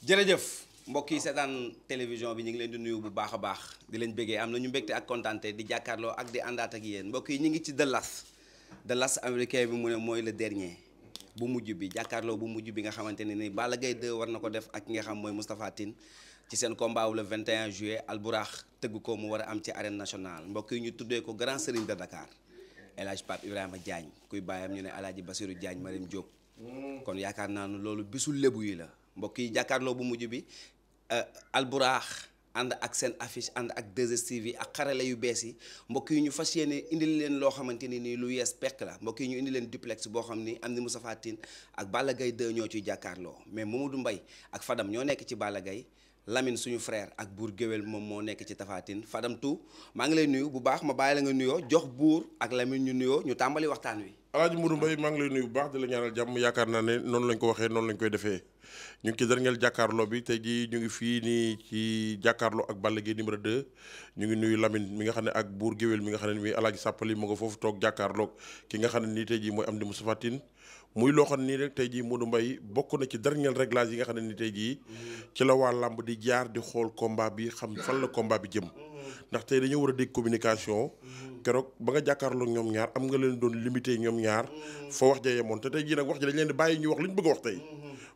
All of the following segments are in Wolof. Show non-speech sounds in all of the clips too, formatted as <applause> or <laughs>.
jërëjëf mbokk yi seetaan télévision bi ñu ngi leen di nuyu bu baax a baax di leen bëggee am na ñu mbégte ak kontaante di jàkkaarloo ak di àndaat ak yéen mbokk yi ñu ngi ci Dallas Dallas américain bi mu ne mooy le dernier bu mujj bi jàkkaarloo bu mujj bi nga xamante ne ni Balla gay 2 war na ko def ak ki nga xam mooy Moustapha Tine ci seen combat wu le 21 juillet Alburax tëgg ko mu war a am ci arène nationale mbokk yi ñu tuddee ko grand serigne de Dakar El Hadj Pape Ibrahima Diagne kuy bàyyam ñu ne El Hadj Basirou Diagne Marim Diop mm. kon yaakaar naa ne loolu bisu lébu yi la mbokk yi jàkkaarloo bu mujj bi euh, alburaax ànd ak seen affice ànd ak 2 yi ak xarale yu bees yi mbokk yi ñu fas yéene indil leen loo xamante ni nii lu yees pekk la mbokk yi ñu indi leen duplex boo xam ni am ni Moustapha Tine ak Balla Gaye 2 ñoo ciy jàkkaarloo mais Mamadou mbay ak Fadam ñoo nekk ci Balla Gaye Lamine suñu frère ak buur géwél moom moo nekk ci tafaatin Tine Fadam maa ngi lay nuyu bu baax ma bàyyi la nga nuyoo jox buur ak Lamine ñu nuyoo ñu tàmbali waxtaan wi Alaaji Modou Mbaye maa lay nuyu bu baax di la ñaanal jàmm yaakaar naa ne noonu lañ ko waxee noonu lañ koy defee ñu ngi ci dernier jàkkaarloo bi tey jii ñu ngi fii nii ci jàkkaarloo ak Balla Gaye numéro 2 ñu ngi nuyu lamin mi nga xam ne ak buur géwél mi nga xam ne mi Alaaji Sàppali mu nga foofu toog jàkkaarloog ki nga xam ne nii tey ji mooy Amdi Moustapha Tine muy loo nii rek tey jii Modou mbay bokk na ci dernier réglage yi nga xam ne ni tey jii ci la waa làmb di jaar di xool combat bi xam fan la combat bi jëm ndax tey dañoo war a dégg communication keroog ba nga jàkkaarloo ñoom ñaar am nga leen doon limité ñoom ñaar fa wax ja yemoon te tey jii nag wax ji dañ leen di bàyyi ñu wax li ñu bëgg a wax tey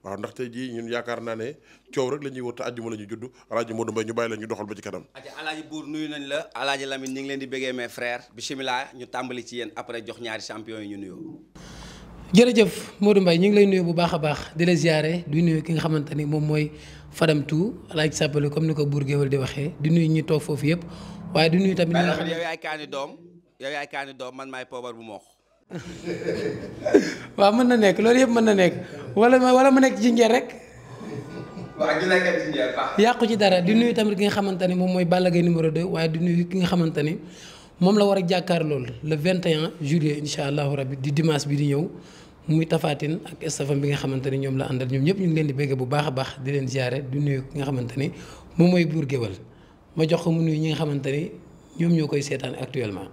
waaw ndax tey jii ñun yaakaar naa ne coow rek la ñuy wër te àjjuma la ñu judd alaaji Modou Mbaye ñu bàyyi la ñu doxal ba ci kanam aja alaaji buur nuyu nañ la alaaji Lamine ngi leen di béggee mes frères bismillah ñu tàmbali ci yéen après jox ñaari champion yi ñu nuyoo jërëjëf Modou Mbaye ñu ngi lay nuyu bu baax a baax di la ziare di nuyu ki nga xamante ni moom mooy Fadam Tou alaaj sàppale comme ni ko buur géwél di waxee di nuyu ñi toog foofu yëpp waaye di nuyu tamit. yow doom yow yaay doom man maay poobar bu moox. <laughs> waaw mën na nekk loolu yëpp mën na nekk wala ma wala ma nekk jinjeer rek. waaw ci dara di nuyu tamit ki nga xamante ni moom mooy Balla Gaye numéro 2 di nuyu ki nga xamante ni moom la war a jàkkaar lool le 21 juillet incha allahu rabi di dimanche bi di ñëw. muy tafaatin ak estafam bi nga xamante ni ñoom la àndal ñoom ñëpp ñu ngi leen di bégge bu baax a baax di leen ziare du nuyu ki nga xamante ni moom mooy buur géwal ma jox ko mu nu ñi nga xamante ni ñoom ñoo koy seetaan actuellement.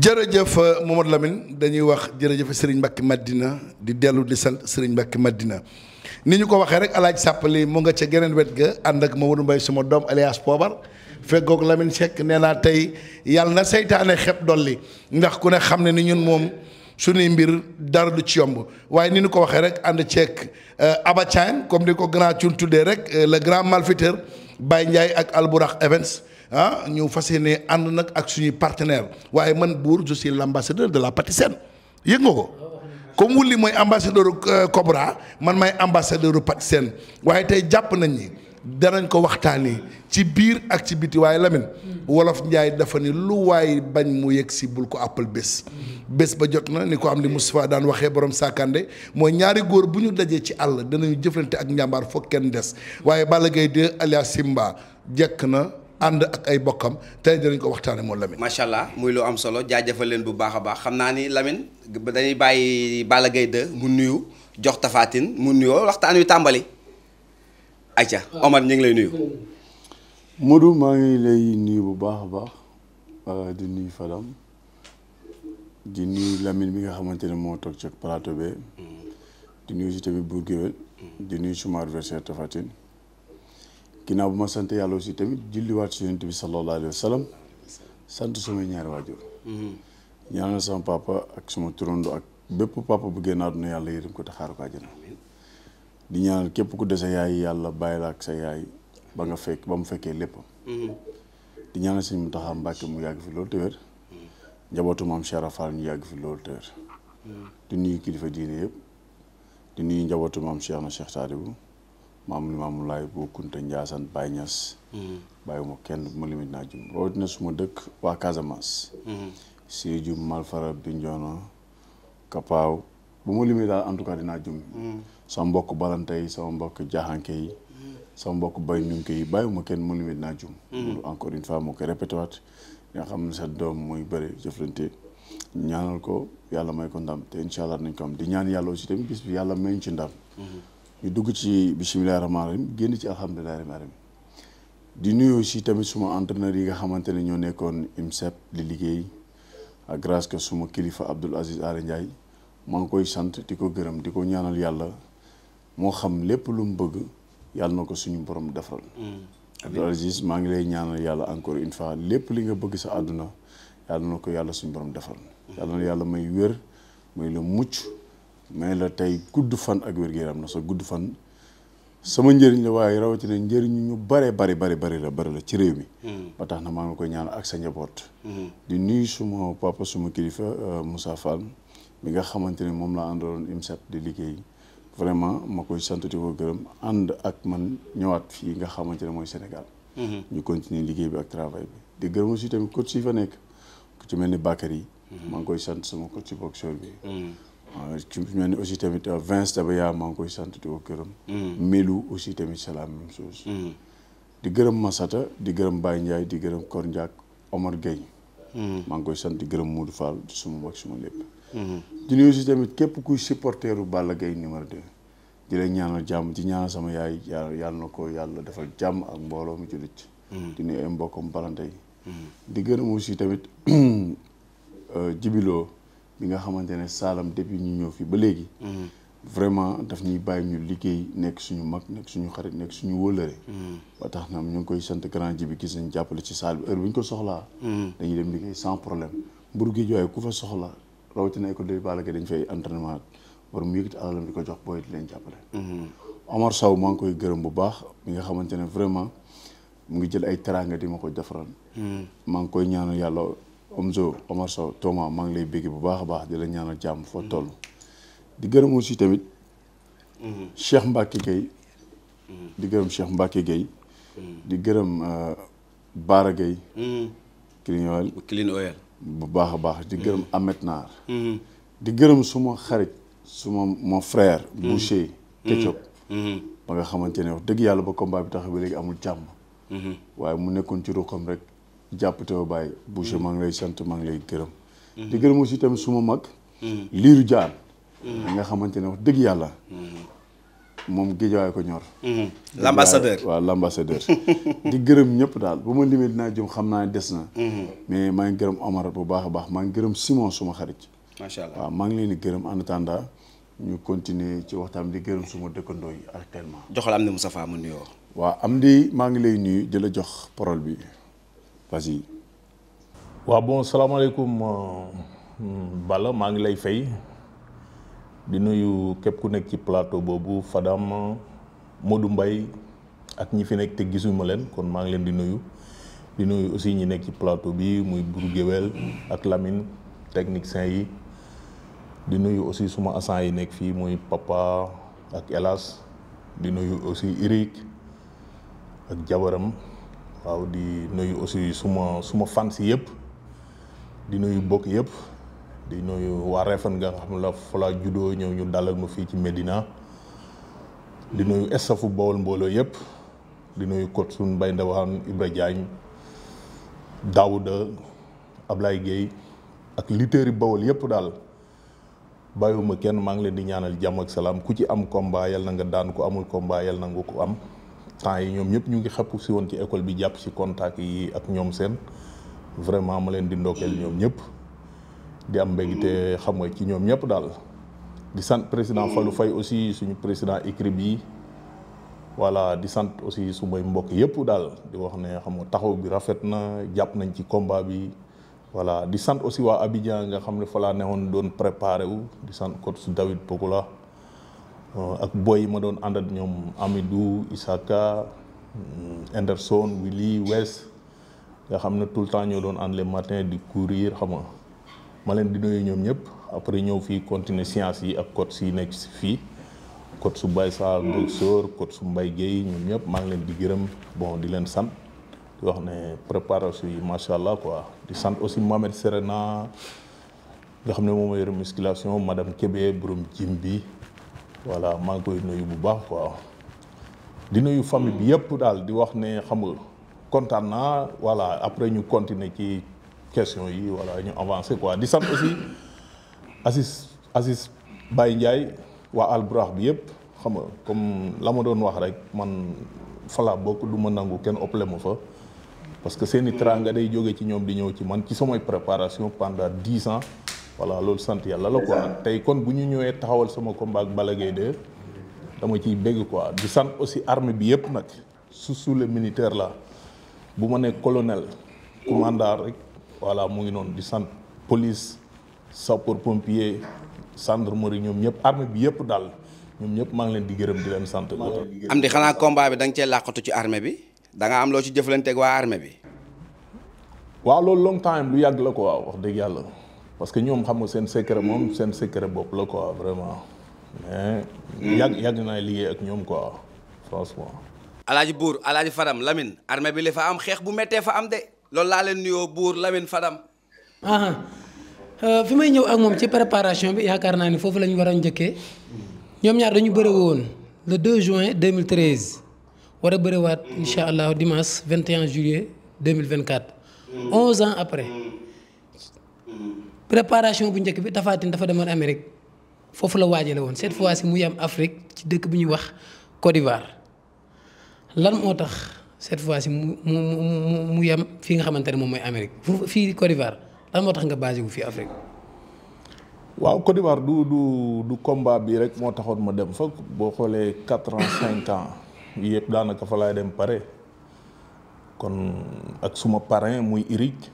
jërëjëf euh, Mamadou Lamine dañuy wax jërëjëf Serigne Mbacke Madina di dellu di sant Serigne Mbacke Madina ni ñu ko waxee rek alaaj sàppali mu nga ca geneen wet ga ànd ak Mamadou Mbaye suma doom alias Poobar feggoog lamin Seck nee naa tey yàlla na seytaane xeb dolli ndax ku ne xam ne ni ñun moom. suñuy mbir dara du ci yomb waaye ni nu ko waxee rek ànd ceeg euh, Aba comme ni ko grand cun tuddee rek euh, la grand malfaiteur Baye Ndiaye ak Albourakh Events ah ñu fas yéene ànd nag ak suñuy partenaire waaye man Bour je suis de la Patisen yëg nga ko comme wulli mooy ambassadeur euh, Cobra man may ambassadeur Patisen waaye tey jàpp nañ ni. danañ ko waxtaanee ci biir ak ci biti waaye lamin wolof Njaay dafa ni lu waay bañ mu yegg si bul ko àppal bés bés ba jot na ni ko am li Moustapha daan waxee borom sàkkande mooy ñaari góor bu ñu dajee ci àll danañu jëflante ak njàmbaar foog kenn des waaye Balla gay 2 alias Simba jekk na ànd ak ay bokkam tey dinañ ko waxtaanee moom Lamine macha allah muy lu am solo jaajëfal leen bu baax a baax xam naa ni lamin dañuy bàyyi Balla Gaye 2 mu nuyu jox Tapha mu nuyoo waxtaan wi tàmbali Aïcha Omar ñu ngi lay nuyu. Modou maa ngi lay nuyu bu baax a baax euh, di nuyu Fadam di nuyu lamin bi nga xamante ne moo toog ci plateau be di nuyu si tamit Bour Gueweul di nuyu suma adversaire Tapha Tine ginnaaw bu ma sante yàlla aussi tamit julliwaat si yonent bi sallallahu alayhi sant sallam sant sumay ñaari waajur mm-hmm. ñaanal sama papa ak suma turando ak bépp papa bu génn àdduna yàlla yërëm ko te xaaru ko àjjana di ñaanal képp ku dese yaay yàlla bàyyilaak la sa yaay ba nga fekk ba mu fekkee lépp. Mm-hmm. di ñaanal sëñ Mountakha Mbacké mu yàgg fi loolu te wér. Mm-hmm. njabootu maam Cheikh ñu yàgg fi loolu te mm-hmm. kilifa diine nuyu njabootu maam Cheikh na Cheikh Sadibou maam Limaamu Laay bu Kunta Njaasaan suma dëkk waa Casamance. Sédhiou en tout cas dinaa jum. sama mbokk balanta yi sama mbokk jaaxanke yi sama mbokk bay nunke yi ma kenn mu limit naa jum mm. loolu encore une fois moo koy nga xam ne sa doom muy bëri jëflante ñaanal ko yàlla may ko ndam te incha allah nañ ko am di ñaan yàlla aussi tamit bis bi yàlla mayuñ ci ndam mm-hmm. ñu dugg ci bisimilah rahmaani rahim génn ci alhamdulilah rahmaani rahim di nuyoo si tamit suma entraîneur yi nga xamante ne ñoo nekkoon IMSEP di liggéey ak grâce que suma kilifa Abdoul Aziz Aly Ndiaye maa ngi koy sant di ko gërëm di ko ñaanal yàlla moo xam lépp lu mu bëgg yàlla na ko suñu borom defaral. Mm. Abdou maa ngi lay ñaanal yàlla encore une fois lépp li nga bëgg sa àdduna yàlla na ko yàlla suñu borom defaral. Mm. yàlla na yàlla may wér may la mucc may la tey gudd fan ak wér gi yaram na sa gudd fan. sama njëriñ la waaye rawatina njëriñ ñu bare bari bari bari la bari la ci réew mi. Mm. ba tax na maa ngi koy ñaan ak sa njaboot. di nuyu suma papa suma kilifa euh, Moussa Fall mi nga xamante ne moom laa àndaloon IMSET di liggéey. vraiment ma koy sant di ko gërëm ànd ak man ñëwaat fii nga xamante ne mooy Sénégal. Mhm. ñu continuer liggéey bi ak travail bi. di gërëm aussi tamit coach yi fa nekk ku ci mel ni Bakary. Mhm. maa ngi koy sant sama coach ci boxeur bi. Mhm. ci mel ni aussi tamit euh, Vince Dabaya maa ngi koy sant di ko gërëm. Melou aussi tamit c'est la même chose. di gërëm masata di gërëm Baye Ndiaye di gërëm Kor Ndiak Omar Gueye. maa ngi koy sant di gërëm Modou Fall di suma wax suma lépp. di nuyu si tamit képp kuy supporteru Balla Gaye numéro de di leen ñaanal jàmm di ñaanal sama yaay yàlla na ko yàlla defal jàmm ak mbooloo mu jullit. di nuyu ay mbokkam balante yi. di gërëm si tamit <clears throat> euh, jibiloo bi nga xamante ne saalam depuis ñu ñëw fii ba léegi. vraiment daf ñuy bàyyi ñu liggéey nekk suñu mag nekk suñu xarit nekk suñu wëllëre. ba tax na ñu ngi koy sant grand ji bi gis nañ jàppale ci saal bi heure bu ñu ko soxlaa. Mm. dañuy dem liggéey sans problème mburu gi jooy ku fa soxla rawatina école de Balla Gaye dañ fay entrenement war mu yëkkati alalam di ko jox booy di leen jàppale. Mhm. Omar Sow maa ngi koy gërëm bu baax mi nga xamante ne vraiment mu ngi jël ay teraanga di ma ko defaral. Mhm. maa ngi koy ñaanal yàlla Omzo Omar Sow Thomas maa ngi lay bégg bu baax a baax di la ñaanal jàmm foo mhm. toll. di gërëm aussi tamit. Cheikh Mbacke Gueye. di gërëm Cheikh Mbacke Gueye. di gërëm euh, Baara Gueye. Clean Oil. bu baax a baax di gërëm mm-hmm. Amet Naar mm-hmm. di gërëm suma xarit suma mon frère mm-hmm. Boucher Ketchup ba nga xamante ne wax dëgg yàlla ba combat bi tax bi léegi amul jàmm waaye mu nekkoon ci ruqam rek jàpp te bàyyi Boucher maa ngi sant maa ngi lay gërëm di gërëm aussi tamit suma mag liiru jaan nga xamante ne wax dëgg yàlla moom géejawaay ko ñor. Mhm. l' ambassadeur waaw <laughs> di gërëm ñëpp daal bu ma limee dinaa jëm xam naa des na. Mhm. mais maa ngi gërëm Omar bu baax a baax maa ngi gërëm Simon suma xarit. macha allah maa ngi leen di gërëm en attendant ñu continuer ci waxtaan di gërëm suma dëkkandoo yi actuellement. joxal am na Moustapha mu nuyoo. waa am di maa ngi lay nuyu di la jox parole bi vas waa waaw bon salaamaaleykum euh, Balla maa ngi lay fay. di nuyu képp ku nekk ci plateau boobu Fadam Modou Mbaye ak ñi fi nekk te gisuma leen kon maa ngi leen di nuyu di nuyu aussi ñi nekk ci plateau bi muy Bourou Guewel ak Lamine technicien yi di nuyu aussi suma assant yi nekk fii muy papa ak Elas di nuyu aussi Eric ak jabaram waaw di nuyu aussi suma suma fansi yëpp di nuyu bokk yëpp di nuyu waa Réfane nga xam la fa laa juddoo ñëw ñu dalal ma fii ci Medina di nuyu estafu Bawol mbooloo yëpp di nuyu kot suñ Mbaye Ndawaan Ibra Diagne ab Ablaye Gueye ak lutteurs yi Bawol yëpp daal bàyyiwuma kenn maa ngi leen di ñaanal jàmm ak salaam ku ci am combat yal na nga daan ko amul combat yal na nga ko am temps yi ñoom ñëpp ñu ngi xappu si woon ci école bi jàpp si contact yi ak ñoom seen vraiment ma leen di ndokkeel ñoom ñëpp. di am mbégte hmm. xam nga ci ñoom ñëpp daal di sant président hmm. Fallou Faye aussi suñu président écrit bi voilà di sant aussi sumay mbokk yëpp daal di wax ne xam nga taxaw bi rafet na jàpp nañ ci combat bi voilà di sant aussi waa Abidjan nga xam ne folaa laa neexoon doon préparé wu di sant coach David Pokola euh, ak boy ma doon ànd ak ñoom Amidou Isaka hmm, Anderson Willy West nga xam ne tout le temps ñoo doon ànd le matin di courir xam nga ma leen di nuyu ñoom ñëpp après ñëw fii continuer science yi ak coach yi nekk si fii coach su Baye Sarr docteur coach su Mbaye Guèye ñoom ñëpp maa ngi leen di gërëm bon di leen sant di wax ne préparation yi macha allah quoi di sant aussi Mohamed Serena nga xam ne moom mooy musculation madame Kébé borom jim bi voilà maa ngi koy nuyu bu baax quoi di nuyu famille bi yëpp daal di wax ne xam nga kontaan naa voilà après ñu continuer ci. question yi voilà ñu avancé quoi di sant aussi Aziz Aziz Baye Ndiaye waa alburax bi yëpp xam nga comme la ma doon wax rek man fala bokk du ma nangu kenn ëppale ma fa parce que seen i teraanga day jóge ci ñoom di ñëw ci man ci samay préparation pendant dix ans voilà loolu sant yàlla la quoi tey kon bu ñu ñëwee taxawal sama combat ak Balla Gaye dama ciy bégg quoi di sant aussi armée bi yëpp nag su suule militaire la bu ma nekk colonel commandant rek voilà mu ngi noonu di sant police sapeur pompier gendarmerie ñoom ñëpp armée bi yëpp daal ñoom ñëpp maa ngi leen di gërëm di leen sant. am di xanaa combat bi da nga cee làqatu ci armée bi danga am loo ci jëflanteeg waa armée bi. waaw loolu long time lu yàgg la quoi wax dëgg yàlla parce que ñoom xam seen secret moom seen secret bopp la quoi vraiment mais. yàgg yàgg naa liggéey ak ñoom quoi franchement. Alaaji Buur Alaaji Faram Lamine armée bi li loolu laa leen nuyoo buur Lamine Fadam. Ah, euh, fi may ñëw ak moom ci préparation bi yaakaar naa ni foofu la ñu war a njëkkee ñoom ñaar dañu bëre woon le 2 juin 2013 war a bëriwaat incha allah dimanche 21 juillet 2024. 11 ans après préparation bu njëkk bi Tapha Tine dafa demoon Amérique foofu la waajale woon cette fois si mu yam Afrique ci dëkk bu ñuy wax Côte d'Ivoire lan moo tax. cette fois ci mu mu mu mu yem fi nga xamante ne moom mooy Amérique fu fii Côte d'Ivoire lan moo tax nga basé wu fii Afrique. waaw Côte d'Ivoire du du du combat bi rek moo taxoon ma dem fa boo xoolee quatre ans cinq ans yëpp daanaka fa laay dem pare kon ak suma parrain muy Iric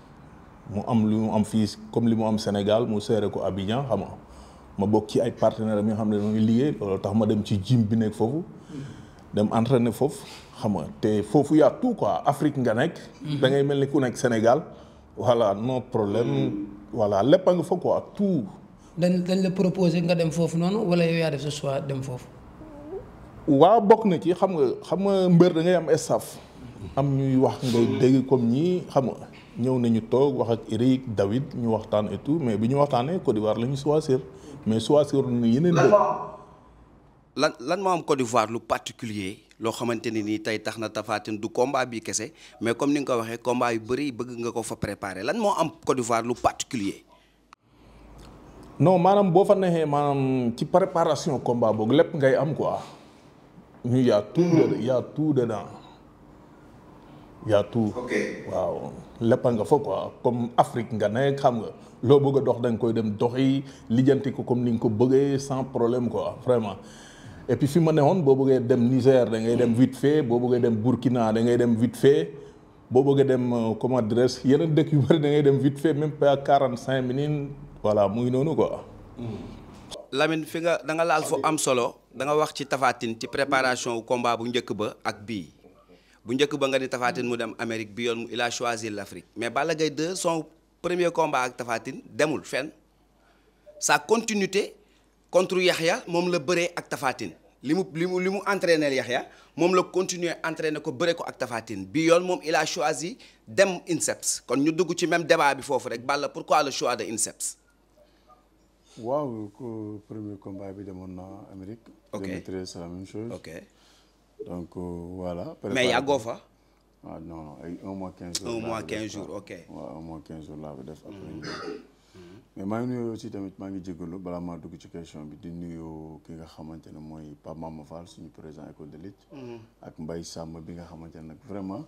mu am lu mu am fii comme li mu am Sénégal mu seere ko Abidjan xam nga ma bokk ci ay partenaire yi nga xam ne dañuy liggéey loolu tax ma dem ci gym bi nekk foofu mm. dem entraîner foofu. xam nga te foofu y a tout quoi Afrique nga nekk. Mhm. da ngay mel ni ku nekk Sénégal. voilà non problème. Mhm. voilà lépp a nga fa quoi tout. dañ dañ la proposé nga dem foofu noonu wala yow yaa def sa choix dem foofu. waa bokk na ci xam nga xam nga mbër da ngay am staff. Mhm. am ñuy wax ngay dégg comme ñii xam nga ñëw nañu toog wax ak Eric dawit ñu waxtaan et mais bi ñu waxtaanee Côte d'Ivoire la ñu choisir mais choisir yeneen. lan lan moo am Côte d'Ivoire lu particulier loo xamante ne nii tey tax na Tapha Tine du combat bi kese mais comme ni nga ko waxee combat yu bëri bëgg nga ko fa préparer lan moo am Côte d'Ivoire lu particulier no maanaam boo fa neexee maanaam ci préparation combat boobu lépp ngay am quoi ñu y a tout hmm. de y a tout a waaw lépp nga foog quoi comme Afrique nga nekk xam nga loo bëgg dox danga koy dem doxi lijjanti ko comme ni ko bëggee sans problème quoi vraiment et puis fi ma ne boo bëggee dem Niger da ngay dem vite fait boo bëggee dem Burkina da ngay dem vite fait boo bëggee dem euh, comment dirais yeneen dëkk yu bëri da ngay dem vite fait même pas quarante cinq minutes voilà muy noonu quoi. Lamine fi nga da nga laal fu am solo danga wax ci Tafatine ci préparation wu combat bu njëkk ba ak bii bu njëkk ba nga ni Tafatine mu dem Amérique bi yoon il a choisi l'Afrique mais bala Gaye 2 son premier combat ak Tafatine demul fen sa continuité. contre Yaxya moom la bëree ak tafaatin li mu li mu li mu entraîner Yaxya moom la continuer entraîner ko bëre ko ak Tafatine bi yoon moom il a choisi dem INSEPS kon ñu dugg ci même débat bi foofu rek Balla pourquoi le choix de INSEPS. waaw ko premier combat bi demoon na Amérique. ok 2013 c'est la même chose. ok donc euh, voilà. mais yàggoo fa. ah non non ay u mois quinze jours. un mois quinze jours ok. waaw un mois quinze jours laa ko def après. Mm. mais maa ngi nuyu si tamit maa ngi jégalu balaa maa dugg ci question bi di nuyu ki nga xamante ne mooy Pape Mama Fall suñu président école de lutte. Mm-hmm. ak mbay sàmm bi nga xamante ne nag vraiment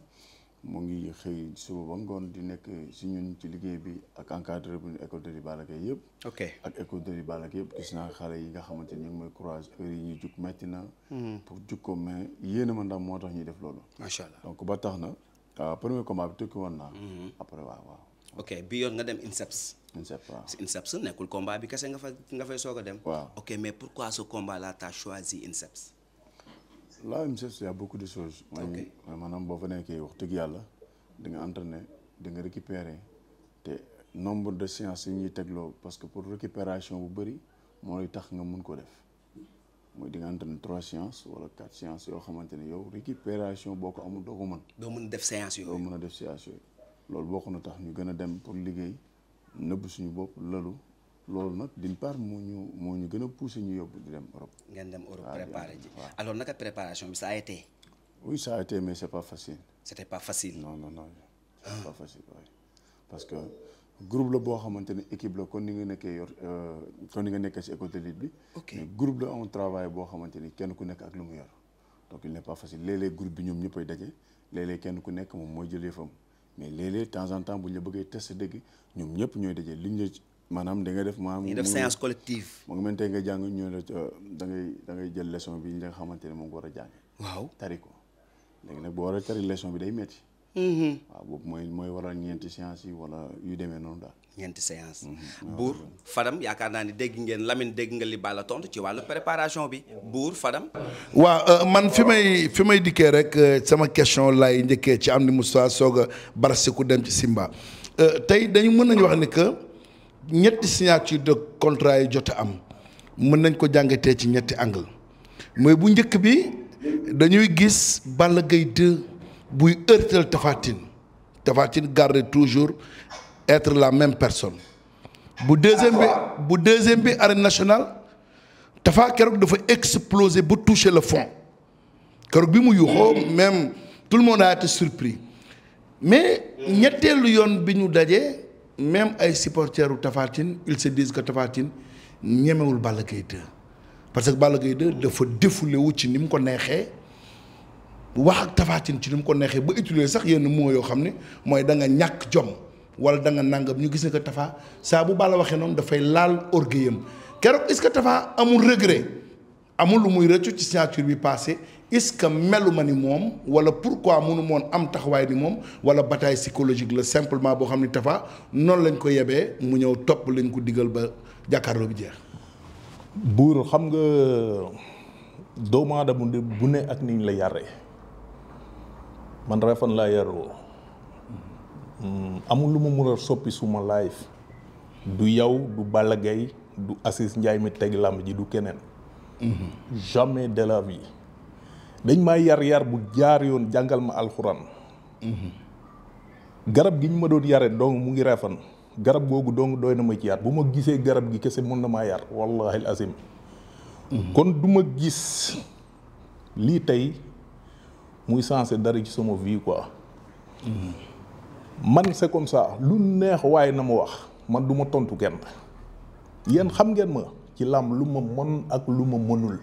mu ngi xëy suba ba ngoon di nekk si ñun ci liggéey bi ak encadré bu école de lutte Balla ak école de lutte Balla Gaye yëpp yi nga xamante ne ñu mooy courage heure yi ñuy jug metti na. Mm-hmm. pour jug ko mais yéen a ma ndam moo tax ñu def loolu. macha allah donc ba tax na ah, premier combat bi tëkki woon naa. Mm-hmm. après waaw waaw. ok bi yoon nga dem INSEPS. INSEP waaw su nekkul combat bi kese nga fa nga fay soog a dem. waaw ok mais pourquoi ce combat là t'as choisi INSEP. là INSEP y a beaucoup de choses. ok maanaam boo fa nekkee wax dëgg yàlla di nga entraîner di nga récupérer te nombre de séances yi ñuy tegloo parce que pour récupération bu bëri mooy tax nga mun ko def mooy di nga entraîner trois séances wala quatre séances yoo xamante ne yow récupération boo ko amul doo ko mën. doo mën a def séance yooyu doo mën a def séance loolu bokk na tax ñu gën a dem pour liggéey. nëbb suñu bopp lalu loolu nag d'une part moo ñu moo ñu gën a poussé ñu yóbbu di dem Europe. ngeen dem Europe ah, préparé ji alors naka préparation bi ça a été. oui ça a été mais c' est pas facile. c' était pas facile. non non non ah. pas facile que groupe la boo xamante ne équipe la kon ni nga nekkee yor kon euh, ni nga nekkee si école de bi. ok mais groupe la on travaille boo xamante ni kenn ku nekk ak lu mu yor donc il n' est pas facile léeg groupe bi ñoom ñëppay daje léeg-léeg kenn ku nekk moom mooy jëlee fam mais léeg-léeg temps en temps bu ñu bëggee test dëgg ñoom ñëpp ñooy daje li ñu la maanaam da nga def maanaam ñu def séance collective mu ngi mel nga jàng ñu la euh, da ngay da ngay jël leçon bi nga xamante ne moom nga war a jàng waaw tari ko léegi nag boo war a tari leçon bi day métti mm-hmm. waaw boobu mooy mooy waral ñeenti séance yi wala yu demee noonu daal ñeenti séance mhm. ah, buur Fadam yaakaar naa ni dégg ngeen Lamine dégg nga li Balla tontu ci wàllu préparation bi buur Fadam. waaw euh, man fi may fi may dikkee rek euh, sama question lay njëkkee ci am ni Moussa soog a barasiku dem ci Simba euh, tey dañu mën nañ wax ni que ñetti signature de contrat yi jot am mën nañ ko jàngatee ci ñetti angle mooy bu njëkk bi dañuy gis Balla Gaye 2 buy heurtal Tapha Tine garde toujours être la même personne bu deuxième bi bu deuxième bi arène nationale Tapha keroog dafa exploser ba toucher le fond keroog bi mu yuuxoo même tout le monde a été mais ñetteelu yoon bi ñu dajee même ay supporters u Tapha Tine ils se disent que Tapha ñemewul Balla Gaye 2 parce que Balla Gaye 2 dafa défoulé wu ci ni mu ko neexee wax ak Tapha ci ni mu ko neexee ba utiliser sax yenn mots yoo xam ne mooy da nga ñàkk jom wala da nga nangam ñu gis ne que Tafa saa bu bala waxee noonu dafay laal orgueil am keroog est-ce que Tafa amul regret amul lu muy rëccu ci signature bi passé est-ce que melu ma ni moom wala pourquoi mënu moon am taxawaay ni moom wala bataille psychologique la simplement boo xam ni Tafa noonu lañ ko yebee mu ñëw topp lañ ko digal ba jàkkaarloo bi jeex. buur xam nga doomu aadama bu ne ak niñ la yaree man Réfane laa yaroo. Mm, amul lu ma mun a soppi suma life du yow du Balla Gaye du Assis Ndiaye mi teg làmb ji du keneen mhm. jamais de la vie dañ may yar-yar bu jaar yoon jàngal ma alxuraan mhm. garab gi ñu ma doon yare don mu ngi refan garab googu donc doy na ma ci yar bu ma gisee garab gi kese mën na maa yar wallahi azim mhm. kon duma ma gis lii tey muy sensé dara ci sama vie quoi man c'est saa lu neex waaye na ma wax man du ma tontu kenn yéen xam ngeen ma ci làmb lu ma mën ak lu ma mënul.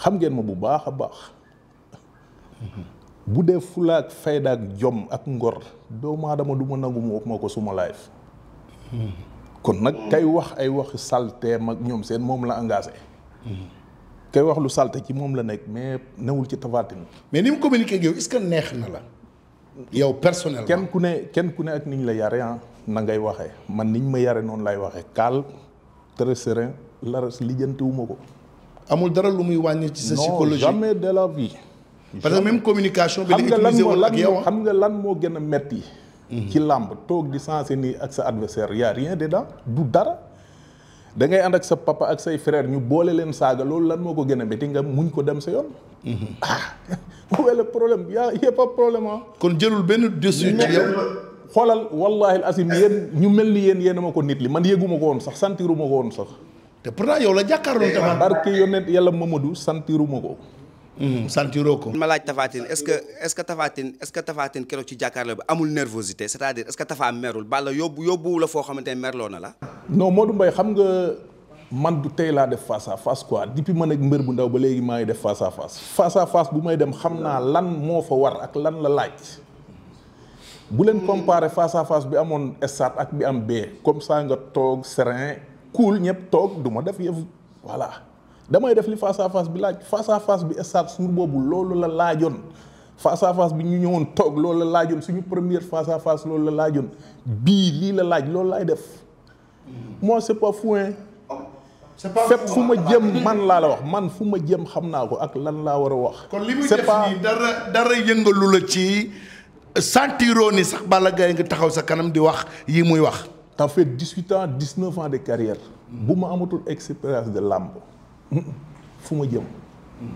xam ngeen ma bu baax a baax. bu dee fulla ak fayda jom ak ngor doomu aadama du ma nangu mu ma ko suma life kon nag kay wax ay waxi salté mag ñoom seen moom la engagé. kay wax lu salte ci moom la nekk mais newul ci Tapha mais ni mu communiqué ak yow est-ce que neex na la. yow personnellement kenn ku ne kenn ku ne ak niñ la yare ah na ngay waxee man niñ ma yare noonu lay waxee calme très serein laras lijjantiwuma ko. amul dara lu muy wàññi ci sa psychologie non jamais de la parce que même communication bi la utilisé woon ak yow ah. xam nga lan moo gën a metti mhm. ci làmb toog di sensé nii ak sa adversaire y a rien dedans du dara. da ngay ànd ak sa papa ak say frère ñu boole leen saaga loolu lan moo ko gën a métti nga muñ ko dem sa yoon. Mhm. ah <laughs> wala problème y' a kon jëlul benn dessus ci yow xoolal wallahi asim ñu mel ni yéen yéen a ma ko nit li man yëguma ko woon sax santiru ko woon sax. te pourtant yow la jàkkaarloo eh, tamit. barke yonent yàlla Mamadou santiru ma ko. Mhm, santiroo ko. ma laaj Tapha Tine est-ce que est-ce que keroog ci jàkkaarloo bi amul nervosité c'est-à-dire est-ce que Tapha merul Balla yóbbu yóbbuwu la foo xamante ne merloo na la. non Modou mbay xam nga man du tey laa def face à face quoi depuis ma nekk mbër bu ndaw ba léegi maa ngi def face à face bu may dem xam naa lan moo fa war ak lan la laaj bu leen comparer face bi amoon stade ak bi am bee comme ça nga toog serein cool ñëpp toog du ma def yëf voilà damay def li face à bi laaj face à bi stade suur boobu loolu la laajoon face à bi ñu ñëwoon toog loolu la laajoon suñu première face à face loolu la laajoon bii lii la laaj loolu laay def. moo c'est pas fou hein oh, fépp fu ma jëm man laa la wax man fu ma jëm xam naa ko ak lan laa war a wax. kon li muy def nii dara dara yëngalu la ci sentiroo ni sax Balla Gaye nga taxaw sa kanam di wax yi muy wax. t'as fait dix-huit ans dix-neuf ans de carrière bu ma amatul expérience de làmb fu ma jëm. Hmm.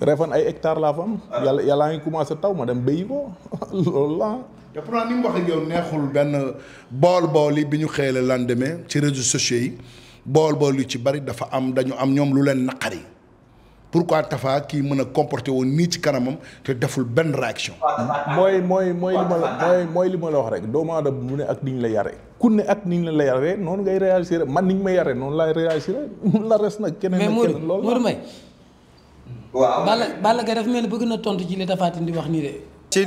refan ay hectares laa fa am. Ah. yàlla yàllaa ngi commencé taw ma dem béyi ko <laughs> loolu la te pourtant ni mu wax ak yow neexul benn bool-bool yi bi ñu xëyee lan demee ci réseaux sociaux yi bool-bool yu ci bari dafa am dañu am ñoom lu leen naqari pourquoi Tafa kii mën a comporté woon nii ci kanamam te deful benn réaction. mooy mooy mooy li ma la li ma wax rek doomu aadama mu ne ak ni ñu la yare ku ne ak ni ñu la yare noonu ngay réagir man ni ñu may yare noonu laay réagir <laughs> la res nag. keneen ak keneen loolu mais waaw Balla Balla Gaye dafa mel ni bëgg na tontu ci li Tapha Tine di wax nii de. ci ci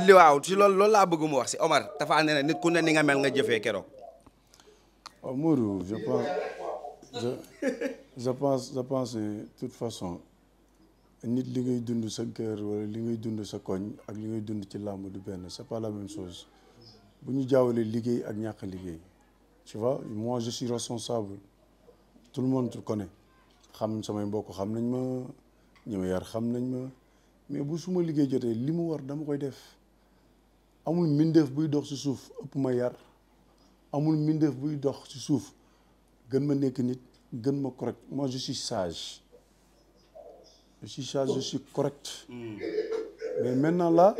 loolu loolu laa bëgg mu wax si Omar dafa ne na nit ku ne ni nga mel nga jëfee keroog. waaw oh, Mourou je pense je je pense je pense façon nit li ngay dund sa kër wala li ngay dund sa koñ ak li ngay dund ci làmb du benn c'est pas la même chose bu ñu jaawalee liggéey ak ñàkk liggéey tu vois moi je suis responsable tout le monde connaît xam samay mbokk xam nañ ma ñi yar xam nañ ma mais bu suma liggéey jotee li mu war dama koy def. amul mbindeef buy dox ci suuf ëpp ma yar amul mbindeef buy dox ci suuf gën ma nekk nit gën ma correct moi je suis sage je suis sage je suis correct mais maintenant là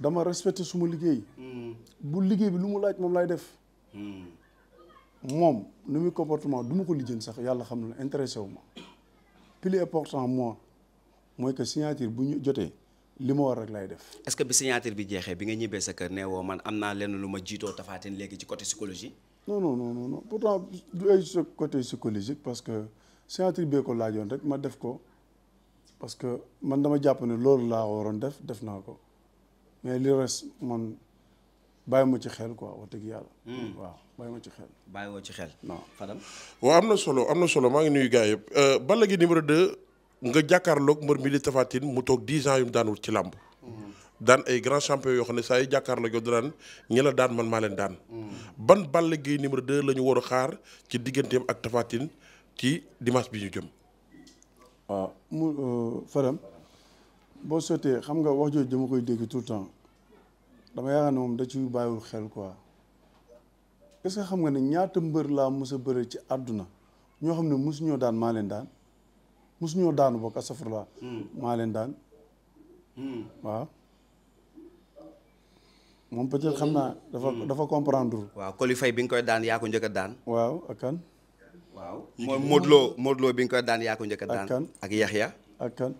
dama respecté suma liggéey bu liggéey bi lu mu laaj moom laay def moom nu muy comportement du ma ko lijjën sax yàlla xam na intéressé wu ma plus important moi mooy que signature bu ñu jotee li ma war rek lay def. est-ce que bi signature bi jeexee bi nga ñibbee sa kër neewoo man am naa lenn lu ma jiitoo Tapha Tine léegi ci côté psychologie. non non non non pourtant du ay côté psychologique parce que signature bee ko laajoon rek ma def ko parce que man dama jàpp ne loolu laa waroon def def naa ko mais li res man bàyyi ma ci xel ko wax dëgg yàlla. Hmm. waaw bàyyi ma ci xel. bàyyiwoo ci xel. non Fadam. am na solo am na solo maa ngi nuyu gars yëpp euh, nga jàkkaarloog mbër mi di tafaatin mu toog 10 ans yu mu daanul ci làmb daan ay grand champion yoo xam ne saa yu jàkkaarloo yow daan ñi daan man maa leen daan ban Balla Gaye numéro 2 la ñu war a xaar ci digganteem ak Tapha ci dimanche bi ñu jëm waaw ah, mu euh, Fadam boo sotee xam nga wax jooju dama koy dégg tout le temps dama yaakaar ne moom da ci bàyyiwul xel quoi est-ce xam nga ne ñaata mbër laa mos bëri ci àdduna ñoo xam ne mosuñoo daan maa leen daan mosu ñoo daanu bokk astafurlah. Hmm. maa leen daan. Hmm. waaw. moom peut xam naa. dafa hmm. dafa comprendre. waaw qualifié bi nga koy daan yaa ko njëkk daan. waaw ak kan. waaw moom Modou bi nga koy daan yaa ko njëkk a daan. ak kan ak Yaxya. ak kan.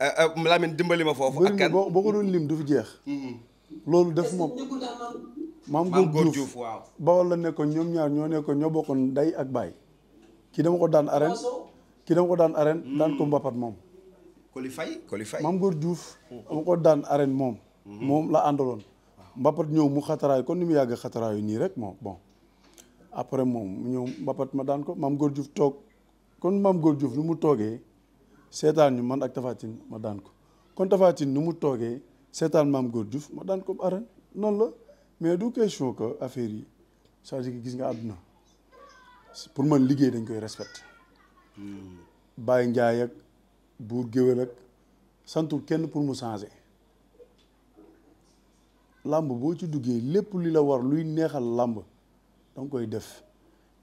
Eh, eh, dimbali ma foofu. ak kan doon lim du fi jeex. loolu def moom. maam Góor Diouf waaw. bawol la nekkoon ñoom ñaar ñoo nekkoon ñoo bokkoon day ak baay. kii dama ko daan arène. kii dama ko daan arène hmm. daan ko mbapat moom Koli Faye Koli Faye Maam Góor Diouf hmm. ko daan arène moom hmm. moom la àndaloon mbapat ñëw mu xataraayu kon ni mu yàgg xataraayu nii rek moom bon après moom mu ñëw mbappat ma daan ko Maam Góor Diouf toog kon Maam Góor Diouf nu mu toogee seetaan ñu man ak Tafatine ma daan ko kon Tafatine nu mu toogee seetaan Maam Góor Diouf ma daan ko arène noonu la mais du question ko affaire yi cest à gis nga àdduna pour man liggéey dañ koy respecté Baye Ndiaye ak buur géwél ak santul kenn pour mu changer làmb boo ci duggee lépp li la war luy neexal làmb da koy def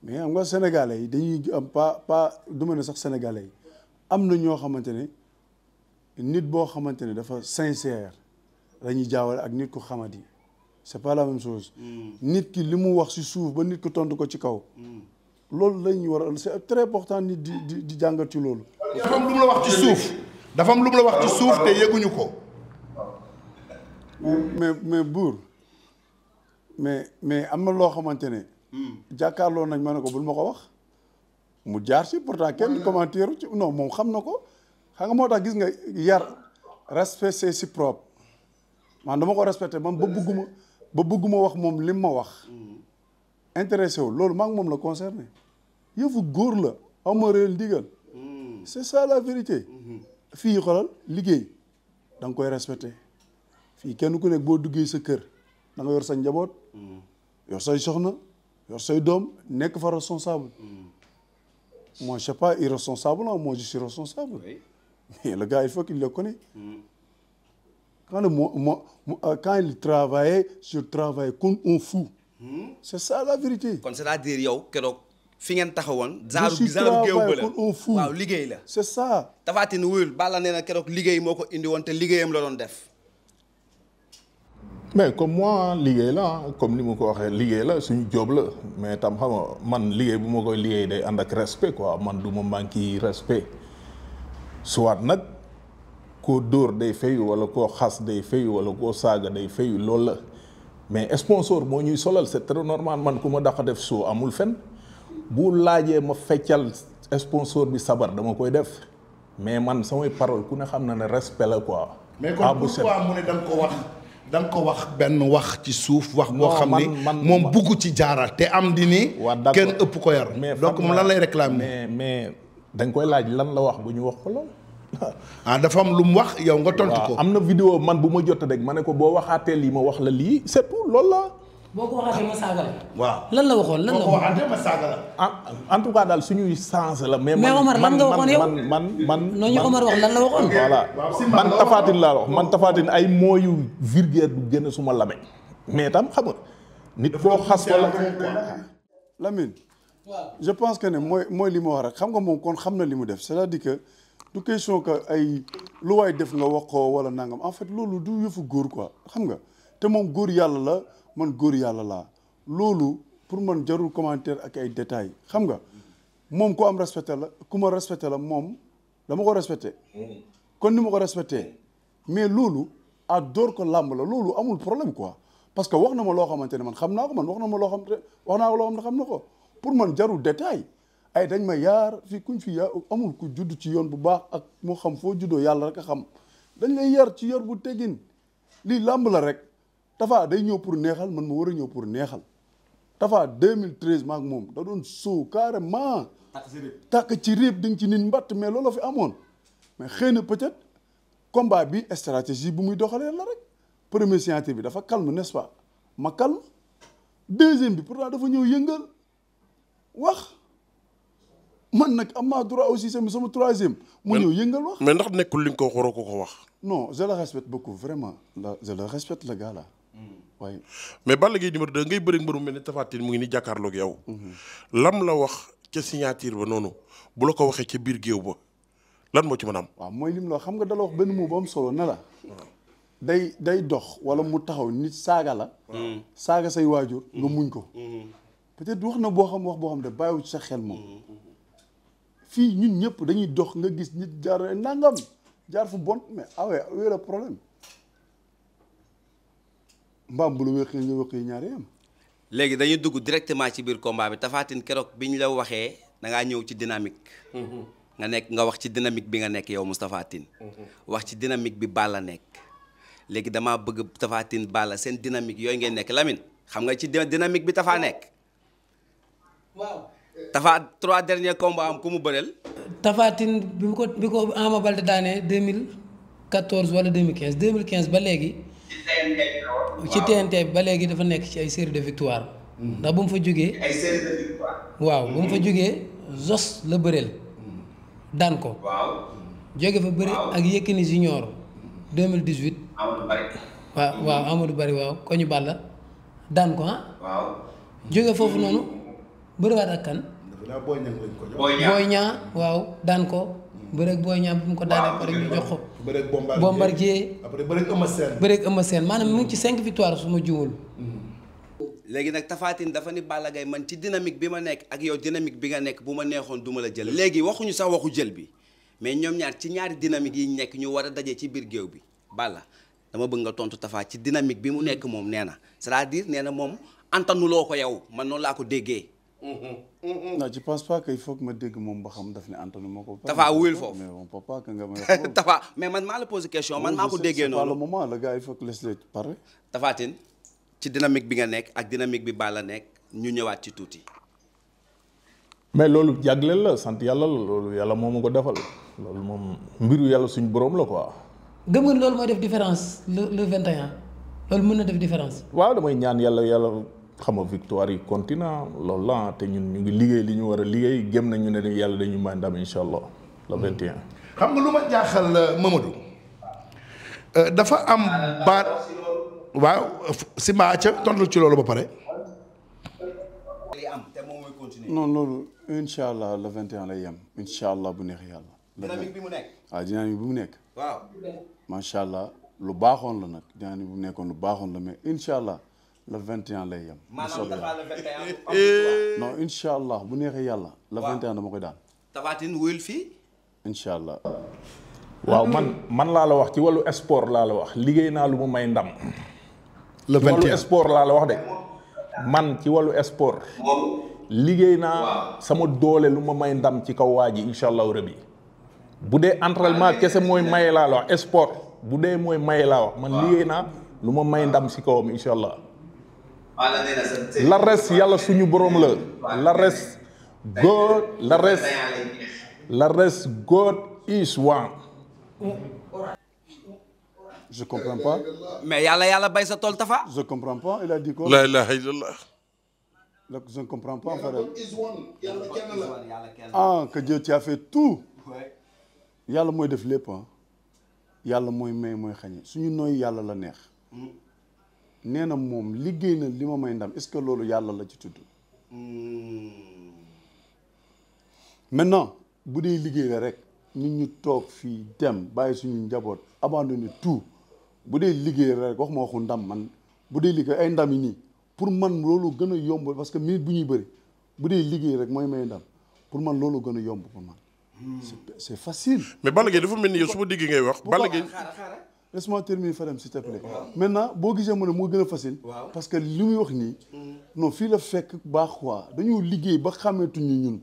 mais xam nga sénégalais yi dañuy am pas pas du ne sax sénégalais yi am na ñoo xamante ne nit boo xamante ne dafa sincère dañuy jaawale ak nit ku xamadi c'est pas la même chose. Mm. nit ki li mu wax ci suuf ba nit ku tontu ko ci kaw. Mm. loolu la ñu war a c'est très important nit di di di jàngat ci loolu. dafa lu mu la wax ci suuf dafa am lu mu la wax ci suuf te yëguñu ko. mais mais buur mais mais am na loo xamante ne. Hmm. jàkkaarloo nañ ma ne ko bul ma ko wax mu jaar si pourtant kenn commentaire ci no moom xam na ko xam nga moo tax gis nga yar respect c'est si propre man dama ko respecté man ba bëgguma ba bëgguma wax moom lim ma wax. Hmm. intéressé wu loolu maa ngi moom la concerné fu góor la ama réel ndigal hmm. c'est ça la vérité hmm. fii xolal liggéey da koy respecté fii kenn ku nekk boo duggee sa kër da nga yor sa njaboot hmm. yor say soxna yor doom nekk fa responsable moi je sais pas irresponsable ah moi je suis responsable mais le gars il faut qu'il le connaisse quand le moi moi quand il travaillait je travaillais comme un Hmm? c'est ça la vérité. kon c'est-à-dire yow keroog fi ngeen taxawoon. zaaru zaaru géew la waaw liggéey la. c'est ça. Tapha Tine wuyul Balla nee na keroog liggéey moo ko indi woon te liggéeyam la doon def. mais comme moi liggéey la comme ni ma ko waxee liggéey la suñu job la mais tam xam man liggéey bu ma koy liggéey day ànd ak respect quoi man du ma manqué respect soit nag koo dóor day fayu wala koo xas day fayu wala koo saaga day fayu loolu la. mais sponsor moo ñuy solal c'est très normal man ku ma dafa def soo amul fen bu laajee ma feccal sponsor bi sabar dama koy def mais man samay parole ku ne xam na ne respect la quoi. mais kon ah, pourquoi mu ne da ko wax da nga ko wax benn wax ci suuf wax boo xam ni moom bugg ci jaara te am di ni kenn ëpp ko yar mais donc moom lan lay réclamer mais mais danga koy laaj lan la wax bu ñu wax ko lool ah dafa am lu mu wax yow nga tontu ko. am na vidéo man bu ma jot rek ma ne ko boo waxaatee lii ma wax la lii c'est tout loolu la. boo ko waaw lan la waxoon lan la ah, daal suñuy sens la. mais Omar man man man man ñu wax la man tafaatin laa wax man tafaatin ay mooyu virgule du génn suma lameñ mais tam xam nga nit koo xas wala Lamine je pense que ne mooy mooy li ma wax rek xam nga moom kon xam na li mu def cest à du question que ay lu waay def nga wax ko wala nangam en fait loolu du yëfu góor quoi xam nga te moom góor yàlla la man góor yàlla laa loolu pour man jarul commentaire ak ay détails xam nga moom ku am respecté la ku ma respecté la moom dama ko respecté kon ni ma ko respecté mais loolu a door ko làmb la loolu amul problème quoi parce que wax na ma loo xamante ne man xam naa ko man wax na ma loo xam wax naa ko loo xam ne xam na ko pour man jarul détail ay dañ ma yaar fii kuñ fi amul ku juddu ci yoon bu baax ak moo xam foo juddoo yàlla rekk a xam dañ lay yar ci yor bu teggin lii làmb rek Tapha day ñëw pour neexal man ma war a ñëw pour neexal Tapha 2013 maak moom da doon soo carrément. tàkk ci riib di nga ci nit mbatt mais loolu fi amoon mais xëy na peut-être bi stratégie bu muy doxalee la rek premier scientifique bi dafa calme n'est-ce pas ma calme deuxième bi dafa ñëw yëngal wax. man nag am naa droit aussi sama sama troisième. mu ñëw yëngal wax mais ndax nekkul li nga ko wax waroo ko ko wax. non je le respecte beaucoup vraiment la le respecte le gars hmm. ngay bëri mbër mu mel mu ngi ni jàkkaarloog yow. Hmm. lam la wax ca signature ba noonu bu la ko waxee ca biir géew ba lan moo ci mën am. waaw mooy lim la xam nga dala wax benn mot bu am solo ne day dox wala mu taxaw nit saaga la. Hmm. saaga say waajur nga muñ ko. peut-être wax na boo xam wax boo xam ne bàyyiwu ci sa xel moom. fii ñun ñëpp dañuy dox nga gis nit jaar nangam jaar fu bon mais ah ouais problème mbaam bu la wéqee nga wéqee ñaari léegi dañuy dugg directement ci biir combat bi Tapha Tine keroog bi ñu la waxee da ngaa ñëw ci dynamique. Mm-hmm. nga nekk nga wax ci dynamique bi nga nekk yow Moustapha Tine. Mm-hmm. wax ci dynamique bi baal Balla nekk. léegi damaa bëgg Tapha Tine Balla seen dynamique yooyu ngeen nekk Lamine xam nga ci dynamique bi Tapha nekk. Tafa trois derniers combats am ku mu bëreel. Tapha Tine bi mu ko bi ko Ama Baldé daanee 2014 wala 2015 2015 ba léegi. ci TNT bi ba léegi dafa nekk ci ay série de victoire. ndax bu mu fa jógee. waaw bu mu fa jógee Zos la bëreel. daan ko. jóge fa bëri ak Yékini Junior 2018. Amadou Bari. waaw waaw Bari waaw ko ñu Balla daan ko ah. jóge foofu noonu. bëriwaat ak kan. booy ña lañ ñaa waaw daan ko. bëreeg booy ñaa bu mu ko daanee pare ñu jox ko. bëreeg bombardier après bëreeg Eumeu Sène. bëreeg Eumeu Sène maanaam mu ngi ci cinq victoire su ma juumul. Mm-hmm. léegi nag tafaatin dafa ne Balla Gaye man ci dynamique bi ma nekk ak yow dynamique bi nga nekk bu ma neexoon duma la jël. léegi waxuñu sax waxu jël bi mais ñoom ñaar ci ñaari dynamique yi nekk ñu war a daje ci biir géew bi Balla dama bëgg nga tontu Tapha ci dynamique bi mu nekk moom nee na cest diir dire nee na moom antanuloo ko yow man noonu laa ko déggee non je pense pas que il faut ma dégg moom ba xam daf ne Anthony moo ko. Tapha wuyul foofu mais on que nga may. Tapha <laughs> mais man ci dynamique bi nga nekk ak dynamique bi Balla nekk ñu ñëwaat ci tuuti. mais loolu jagleel la sant yàlla la loolu yàlla moom ma ko defal loolu moom mbiru yàlla suñu borom la quoi. gëm nga loolu mooy def différence le le 21 loolu mën na def différence. waaw damay ñaan yàlla yàlla. xam nga victoire yi continent loolu la te ñun ñu ngi liggéey li ñu war a liggéey gëm nañu ne yàlla dañu may ndam incha allah le 21. Hmm. xam nga lu ma jaaxal euh, Mamadou euh, dafa am baat waaw si mbaa ca tontu ci loolu ba pare. non loolu incha allah le 21 lay yem incha allah bu neex yàlla. dynamique bi mu nekk. waaw ah, dynamique bi mu nekk. waaw. macha allah lu baaxoon la nag dynamique bi mu nekkoon lu baaxoon la mais incha allah. le 21 lay yem. maanaam <laughs> incha allah bu neexee yàlla. le 21 dama koy daal Tapha Tine wóyul allah. waaw man man laa la wax ci wàllu sport laa la wax liggéey naa lu ma may ndam. le 21 wàllu laa la wax de man ci wàllu sport. liggéey naa sama doole lu ma may ndam ci kaw waa ji incha allahu rabi. bu dee entraînement kese mooy maye laa la wax sport bu dee mooy maye laa wax man liggéey naa lu ma may ndam si kawam incha la res yàlla suñu boroom la la res God la res God is one je comprends pas. mais yàlla yàlla bay sa tool tafa. je comprends pas il a dit la ilaha illallah. donc je ne comprends pas. ah que yàlla mooy def lépp ah. yàlla mooy may mooy xañe suñu nooy yàlla la neex. Mm. nee na moom liggéey na li ma may ndam est-ce que loolu yàlla la ci tudd. Hmm. maintenant bu dee liggéey la rek nit ñu toog fii dem bàyyi suñu njaboot abandonné tout bu dee liggéey la rek wax ma waxu ndam man bu dee liggéey ay ndam yi nii pour man loolu gën a yomb parce que minute bu ñuy bëri bu dee liggéey rek mooy may ndam pour man loolu gën a yomb pour man. Hmm. c'est facile. mais Balla Gaye dafa mel ni su ma déggee ngay wax. Balla laisse-moi terminer Fadam s'il te plaît. maintenant boo mu ne moo gën a facile. parce que li muy wax nii. non fii la fekk baax quoi dañoo liggéey ba xàmmeetuñu ñun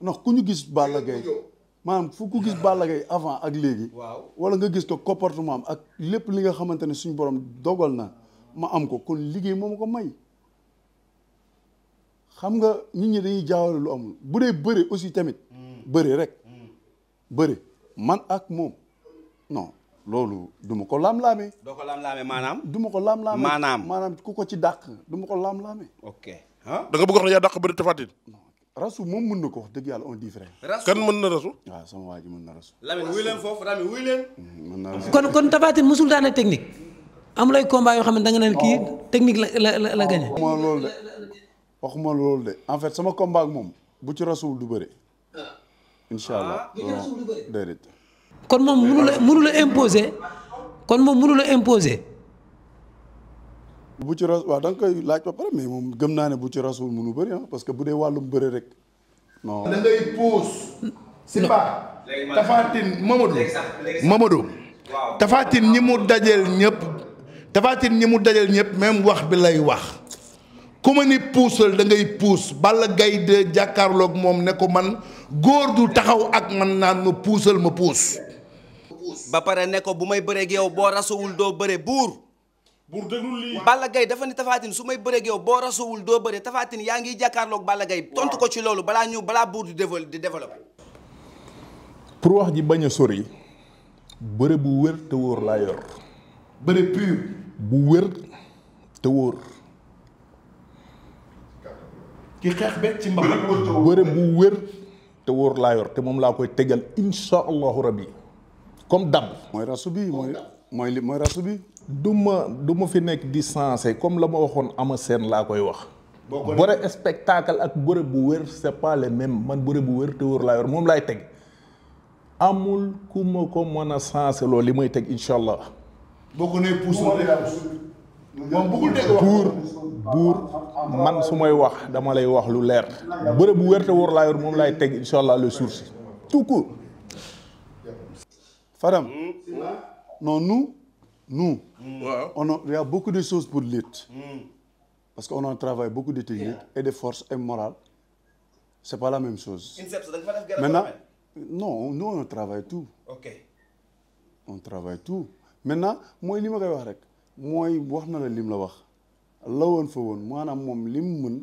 ndax ku ñu gis Balla Gaye maanaam fu ku gis Balla Gaye avant ak léegi. wala nga gis ko comportement am ak lépp li nga xamante ne suñu borom dogal na ma am ko kon liggéey moom ko may. xam nga nit ñi dañuy jaawale lu amul bu dee bëre aussi tamit. Mm. bëre rek. Mm. bëre man ak moom loolu duma ma ko laam-laame. doo ko maanaam. du ma ko laam-laame maanaam maanaam ku ko ci dàq du ma ko laam-laame. ok ah. bëgg wax ne yaa dàq bëri Tapha Tine. rasu moom mën na ko wax dëgg yàlla on dit vrai. rasu kan na rasu. waaw sama waa ji mën na rasu. Lamine wuy leen foofu Lamine wuy leen. Mm, kon kon Tapha Tine technique. am lay yoo xam ne danga nga kii technique la la la la gagné. waxuma loolu de de en fait sama combat moom bu ci rasuwul du bëre. Ah. incha kon moom mënu la mënu la imposer kon moom mënu la imposer. bu ci ras waaw da nga koy laaj ba gëm naa ne bu ci rasul mënu bëri ah parce que bu dee wàllum bëre rek non. da ngay pause. si pas Tafatine Mamadou. Mamadou. waaw Tafatine ñi mu dajeel ñëpp. Tafatine ñi mu dajeel ñëpp même wax bi lay wax. ku ma ni puusal da ngay puus Balla Gaye de jàkkaarloog moom ne ko man góor du taxaw ak man naan ma puusal ma puus ba pare ne ko bu may bëreeg yow boo rasuwul doo bëre buur. buur déglu lii. Balla Gaye dafa ni tafaatin su may bëreeg yow boo rasuwul doo bëre Tapha yaa ngi jàkkaarloog Balla gay tontu ko ci loolu balaa ñu balaa buur di di développé. pour wax ji bañ a sori. bëre bu wér te wóor laa yor. bëre pur. bu wér te te wóor laa yor te moom laa koy tegal incha allahu rabi. comme dab. mooy rasu bi mooy mooy li mooy rasu du ma du ma fi nekk di sensé comme la ma waxoon ama seen laa koy wax. bëre spectacle ak bërëb bu wér c'est pas le man bërëb bu wér te wër laa yor moom laay teg amul ku ma ko mën a sensé loolu li may teg incha allah. boo ko nee pousse buur man su may wax dama lay wax lu leer bëre bu wér te wër laa yor moom laay teg incha allah le source tout court Fadam. non nous nous. waaw on beaucoup de choses pour lutte. Hmm. parce que on a travaillé beaucoup de techniques et de forces et morale. c'est pas la même chose. maintenant non nous on travaille tout. ok on travaille tout maintenant mooy li ma koy wax rek mooy wax na la lim la wax la woon fa woon maanaam moom lim mën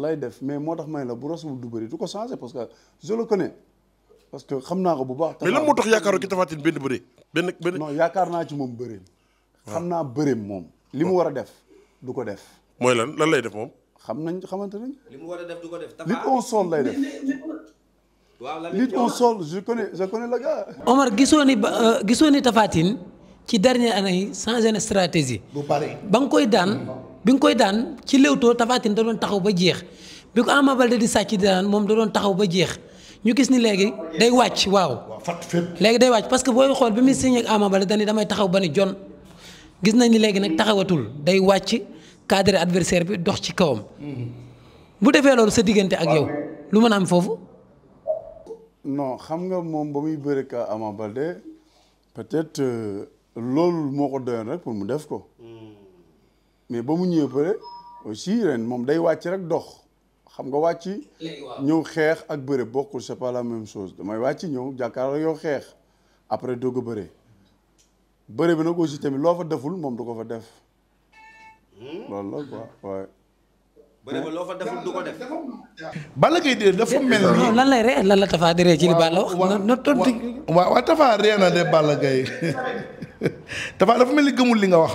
lay def mais moo tax may la bu rasul du bëri du ko changer parce que je le connais. parce que xam naa ko bu baax. mais lan moo tax yaakaaroo ki Tapha benn bëree. benn benn non yaakaar naa ci moom bëreem. xam naa bëreem moom. li mu war a def du ko def. mooy lan lan lay def moom. xam nañ xamante nañ. li mu war a def du ko def. li on sol gisoo ni ba euh, gisoo ni Tapha ci dernière année yi changé na stratégie. bu pare ba nga koy daan. bi nga koy daan ci Leewtoo Tapha da doon taxaw ba jeex bi ko Ama Baldé di sàcc di daan moom dadoon taxaw ba jeex. ñu gis ni léegi day wàcc waaw. léegi day wàcc parce que booy xool bi muy signé ak Ama Baldé dañuy damay taxaw ba ni jon gis nañ ni léegi nag taxawatul day wàcc cadre adversaire bi dox ci kawam. Mm-hmm. bu defee loolu sa diggante ak yow lu mën a am foofu. non xam nga moom ba muy bëre ak Ama Baldé peut-être euh, loolu moo ko doyoon rek pour mu def ko. Mm. mais ba mu ñëwee pare aussi ren moom day wàcc rek dox. xam nga wàcc ñëw xeex ak bëre bokkul c'est pas la même chose damay wàcc ñëw jàkkaarloo yow xeex après doo a bëre bi nag aussi tamit loo fa deful moom du ko fa def hmm? loolu Balla Gaye de dafa mel ni. lan lay ree lan la Tafa di ree ci li Balla wax. waaw na tontu waaw waaw Tafa ree na de Balla Gaye <laughs> Tafa dafa mel ni gëmul li nga wax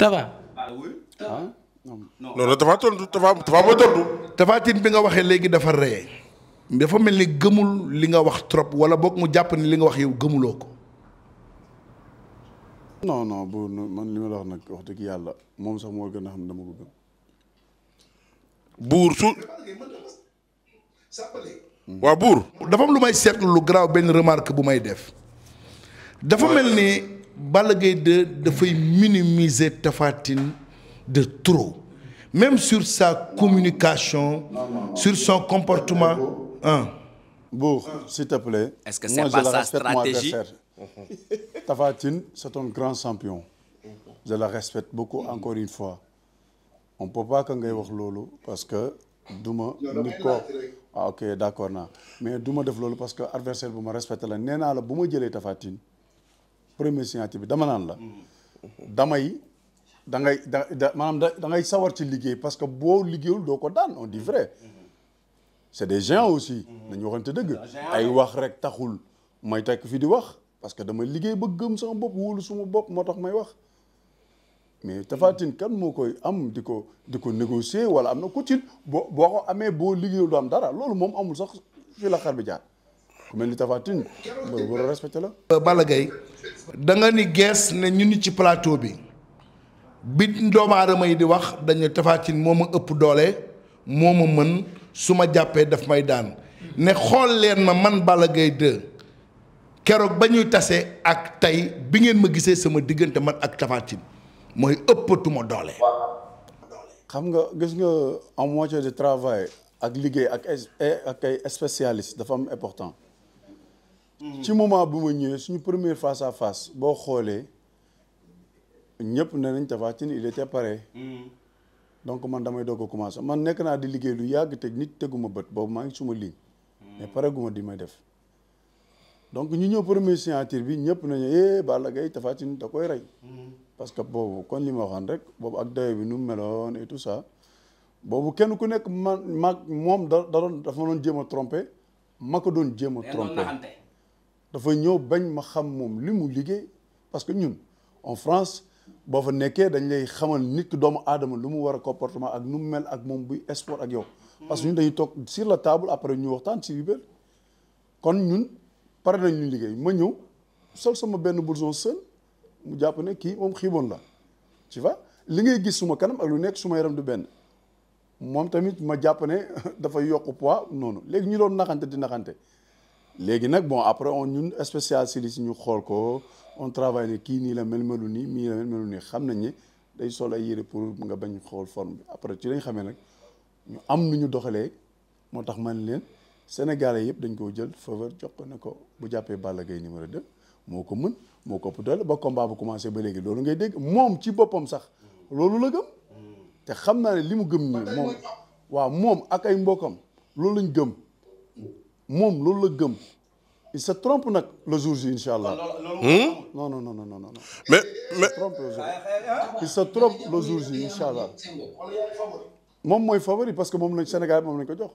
ah. ah non non dafa tontu dafa dafa tontu. tafaatin bi nga waxee léegi dafa ree dafa mel ni gëmul li nga wax trop wala boog mu jàpp ni li nga wax yow gëmuloo ko. non non boobu man li ma la wax nag wax dëgg yàlla moom sax moo gën a xam dama ko gëm. buur su. waa buur. dafa lu may seetlu lu garaaw benn remarque bu may def. dafa mel ni Balla Gaye 2 dafay minimiser Tapha Tine de trop même sur sa communication non, non, sur son comportement un Bour s'il te plaît est-ce que c'est pas sa stratégie <laughs> Tapha Tine c'est un grand respecte beaucoup encore une fois on peut pas que ngay wax loolu parce que duma nit ko ah ok d'accord naa mais duma def loolu parce que adversaire bu ma respecté la nee naa la bu ma jëlee Tapha Tine premier signature bi dama naan la mm. damay da ngay da da maanaam da ngay sawar ci liggéey parce que boo liggéeyul doo ko daan on dit vrai c'est des gens aussi nañu waxante dëgg ay wax rek taxul may tekk fi di wax parce que dama liggéey ba gëm sama bopp woolu suma bopp moo tax may wax mais Tapha Tine kan moo koy am di ko di ko négocier wala am na ku ci boo ko amee boo liggéeyul du am dara loolu moom amul sax fii la xar bi jaar ku mel ni Tapha Tine war a respecté la Balla Gaye da nga ni gees ne ñu nit ci plateau bi bi doomu aadama yi di wax dañu Tapha Tine moo ma ëpp doole moo ma mën su ma jàppee dafa may daan ne xool leen ma man Balla Gaye keroog ba ñuy tasee ak tey bi ngeen ma gisee sama diggante man ak Tapha Tine mooy ëppatuma doole. xam nga gis nga en matière de travail ak liggéey ak ak ay spécialiste dafa am important. Hmm. ci moment bu ma ñëwee suñu première face à face boo xoolee. ñëpp ne nañ Tapha Tine il était pareil. Mm. donc man damay doog a commencé man nekk naa di liggéey lu yàgg te nit teguma bët boobu maa ngi suma ligne. Mm. mais pare guma di may def. donc ñu ñëw premier bi ñëpp nañu eh Balla Gaye Tapha Tine koy rey. Mm. parce que boobu kon li ma waxoon rek boobu ak dayo bi nu mu meloon et tout ça. boobu kenn ku nekk man maag moom da da doon dafa ma doon jéem a trompé ma ko doon jéem a dafa ñëw bañ ma xam moom li mu liggéey parce que ñun en France. boo fa nekkee dañ lay xamal nit ki doomu aadama lu mu war a comportement ak nu mu mel ak moom buy sport ak yow. parce que ñun dañuy toog sur la table après ñu waxtaan si biir kon ñun pare nañ ñu liggéey ma ñëw sol sama benn blouson seul mu jàpp ne kii moom xiiboon la tu vois li ngay gis suma kanam ak lu nekk suma yaram du benn moom tamit ma jàpp ne <laughs> dafay yokk poids noonu léegi ñu doon naxante di naxante léegi nag bon après on ñun spécialiste si ñu xool ko. on kii nii la mel melu nii mii la nii xam nañ ne day ay yére pour nga bañ xool forme bi ci lañ xamee nag ñu am nu ñu doxalee moo tax man leen Sénégalais yëpp dañ koo jël faveur jox ne ko bu jàppee Balla Gaye numéro 2 moo ko mën moo ko ëpp doole ba combat bu commencé ba léegi loolu ngay dégg moom ci boppam sax loolu la gëm te xam naa ne li mu gëm nii moom waaw moom ak ay mbokkam loolu lañ gëm moom loolu la gëm il se trompe nag le jour J incha allah. Hmm? non non non non non. mais mais. Ah, ah, ah. allah. moom mooy favori parce que moom lañ Sénégal moom lañ ko jox.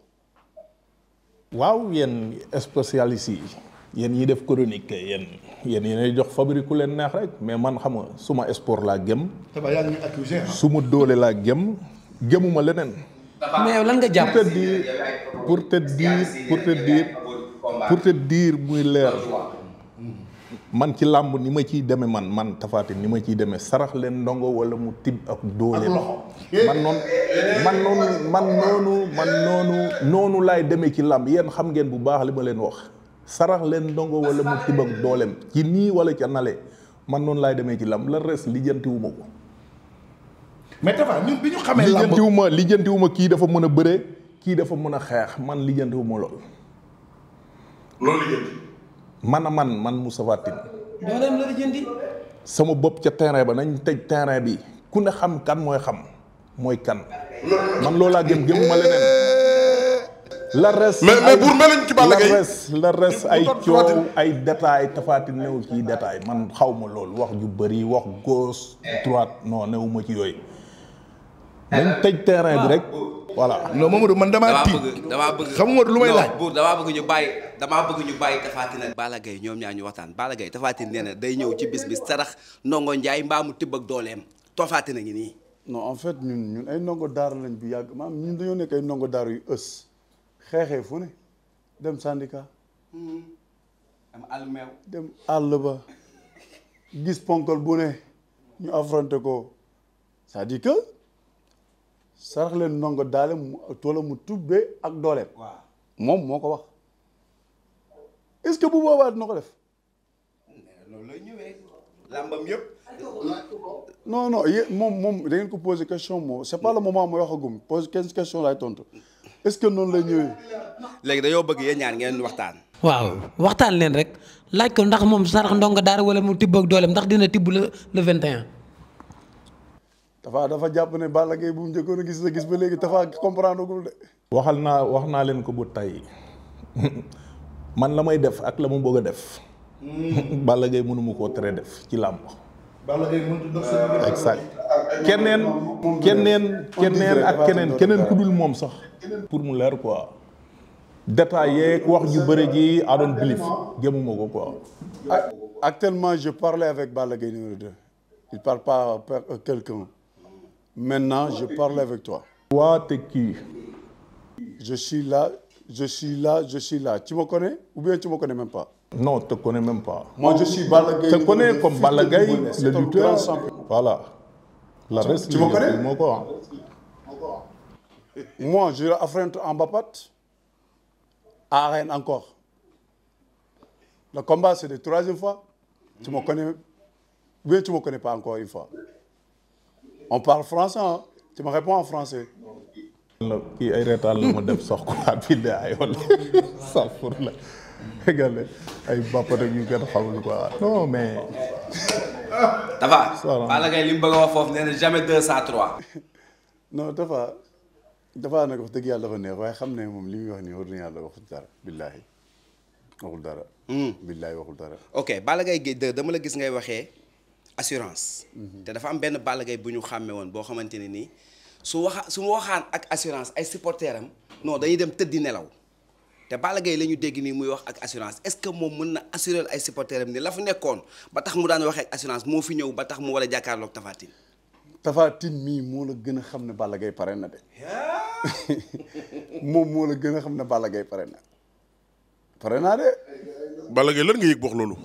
waaw yéen spécialistes yi yéen ñi def chronique yéen yéen yéenay jox favori ku leen neex rek mais man xam nga suma sport laa gëm. tabax yaa ngi accusé suma doole laa gëm gëmuma leneen. mais lan nga jàpp pour te dire pour te dire pour te dire muy leer mm-hmm. man ci làmb ni ma ciy demee man man tafaati ni ma ciy demee sarax leen ndongo wala mu tib ak doole man noonu man noonu man noonu man noonu laay demee ci làmb yenn xam ngeen bu baax li ma leen wax sarax leen ndongo wala mu tib ak dooleem ci nii wala ca nale man noonu laay demee ci làmb la res lijjantiwuma ko mais Tapha ñun bi ñu xamee. lijjantiwuma kii dafa mën a bëre kii dafa mën a xeex man lijjantiwuma lool loolu man a man man Moustapha Tine. doo sama bopp ca terrain ba nañ tej terrain bi ku ne xam kan mooy xam mooy kan. man loolaa gëm gëm ma leneen. la res ci Balla la res ay coow ay détail tafaati néew ci détail man xaw ma loolu wax ju bari wax gauche droite non néew ci yooyu. dañ tëj terrain bi rek voilà non Mamadou man dama tiit damaa bëgg xam nga lu may laaj buur damaa bëgg ñu bàyyi damaa bëgg ñu bàyyi Tapha Tine ak Balla ñoom ñaar ñu waxtaan Balla gay Tapha Tine nee na day ñëw ci bis bi sarax ndongo Njaay mbaa mu tibb ak dooleem Tapha Tine ngi nii no en fait ñun ñun ay ndongo daar lañ bu yàgg maam ñun dañoo nekk ay ndongo daara yu ës xeexee fu ne dem syndicat hmm. dem àll ba gis ponkal bu ne ñu affronté ko c'est-à-dire sarax leen ndongo daale mu toola mu tubbee ak dooleem. waaw moom moo ko wax. est-ce que bu boobaa dina ko def. loolu lay ñëwee. làmbam yëpp. non moom moom da ngeen ko posé question moo c'est pas le moment mooy waxagum posé quinze question laay tontu est-ce que noonu lay ñëwee. léegi dayoo bëgg yéen ñaar ngeen waxtaan. waaw waxtaan leen rek laaj ko ndax moom sarax ndongo daal wala mu tibb ak dooleem ndax dina tibb le le 21. Tafa dafa jàpp ne Balla Gaye bu mu njëkkoon a gis la gis ba léegi Tafa comprendre gul de. waxal naa wax naa leen ko bu tey man la may def ak la ma bëgg a def. Hmm. <laughs> Balla Gaye mënuma koo tere def ci làmb. Balla Gaye keneen keneen keneen ku dul moom sax. pour mu leer quoi. détail yeeg wax ju bëri gi à doon bilif gëmuma ko quoi. actuellement je parlais avec Balla Gaye numéro 2 il parle pas à quelqu'un Maintenant, je parle avec toi. Toi, t'es qui? Je suis là, je suis la je suis là. Tu me connais ou bien tu me connais même pas? Non, tu te connais même pas. Te connais comme Balla Gaye, le lutteur. Voilà. La reste, tu me connais? <laughs> Moi, je l'affronte en Mbapat à Rennes encore. Le c'est de troisième fois. Tu me connais ou bien tu me connais pas encore une fois. on parle français ah tu me réponds en français. kii ay reetaan la mu def sox quoi bi de ay <laughs> ay bàppat ak yu gën xamul quoi non mais. <laughs> Tafa. Balla Gaye li mu bëgg a wax foofu jamais trois. <laughs> non Tafa Tafa nag wax dëgg yàlla dafa neex waaye xam ne moom li muy wax nii war na yàlla waxul dara billaahi waxul dara. Hmm. billaahi waxul dara. ok Balla Gaye dama la gis ngay waxe assurance. Mhm. te dafa am benn Balla bu ñu xàmme woon boo xamante ne nii su waxa su ma waxaan ak assurance ay supporters am non dañuy dem tëddi nelaw te Balla Gaye la ñu dégg nii muy wax ak assurance est-ce que moom mën na assurer ay supporters am ni la fa nekkoon ba tax mu daan waxee ak assurance moo fi ñëw ba tax mu war a jàkkaarloog Tafatine. Tafatine mii moo la gën a xam ne Balla pare na de <laughs> moom moo la gën a xam ne Balla Gaye pare na pare naa de. lan nga yëg wax loolu.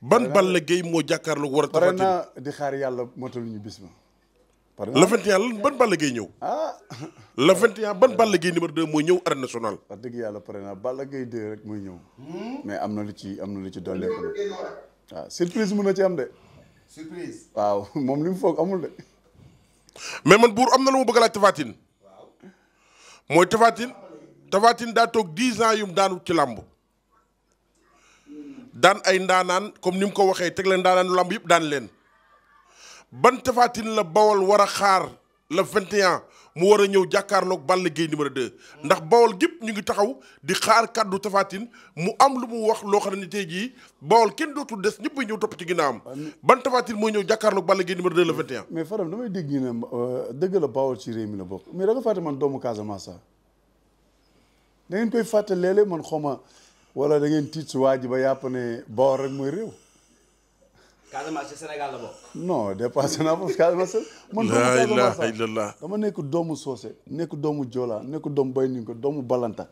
ban Balla Gaye moo jàkkaarloog war a. Tapha di xaar yàlla motaluñu ñu ma. pare naa le 21 ban Balla Gaye ñëw. ah. le 21 ban Balla Gaye numéro 2 mooy ñëw arène nationale. dégg yàlla pare naa Balla gay 2 rek mooy ñëw. Hmm? mais am na lu ci am na lu ci dolli. waaw ah, surprise mun na ci am de. waaw <laughs> moom li mu foog amul de. mais man buur am na lu ma bëgg a laaj Tapha Tine. waaw mooy Tapha Tine. Tapha Tine daa toog 10 ans yum daanu ci làmb. daan ay ndaanaan comme ni mu ko waxee teg leen ndaanaanu lamb yëpp daan leen ban tafaatin la bawol war a xaar le 21 mu war a ñëw jàkkaarloog Balla Gaye numéro 2. ndax bawol gépp ñu ngi taxaw di xaar kàddu tafaatin mu am lu mu wax loo xam ne tey jii bawol kenn dootul des ñëpp ñëw topp ci ginnaawam. Ah, ban tafaatin mooy ñëw jàkkaarloog Balla Gaye numéro 2 mais Fadam damay dégg ñu ne euh, dëgg la bawol ci réew mi la bokk mais da nga fàtte man doomu Casamance da ngeen koy fàtte léeg-léeg man xaw wala da ngeen tiit si waa ji ba yàpp ne rek mooy réew. Casamance Sénégal la bokk. non dépassé naa foofu Casamance. doomu Casamance dama nekk doomu Soose nekk doomu Joola nekk doomu doomu Balanta.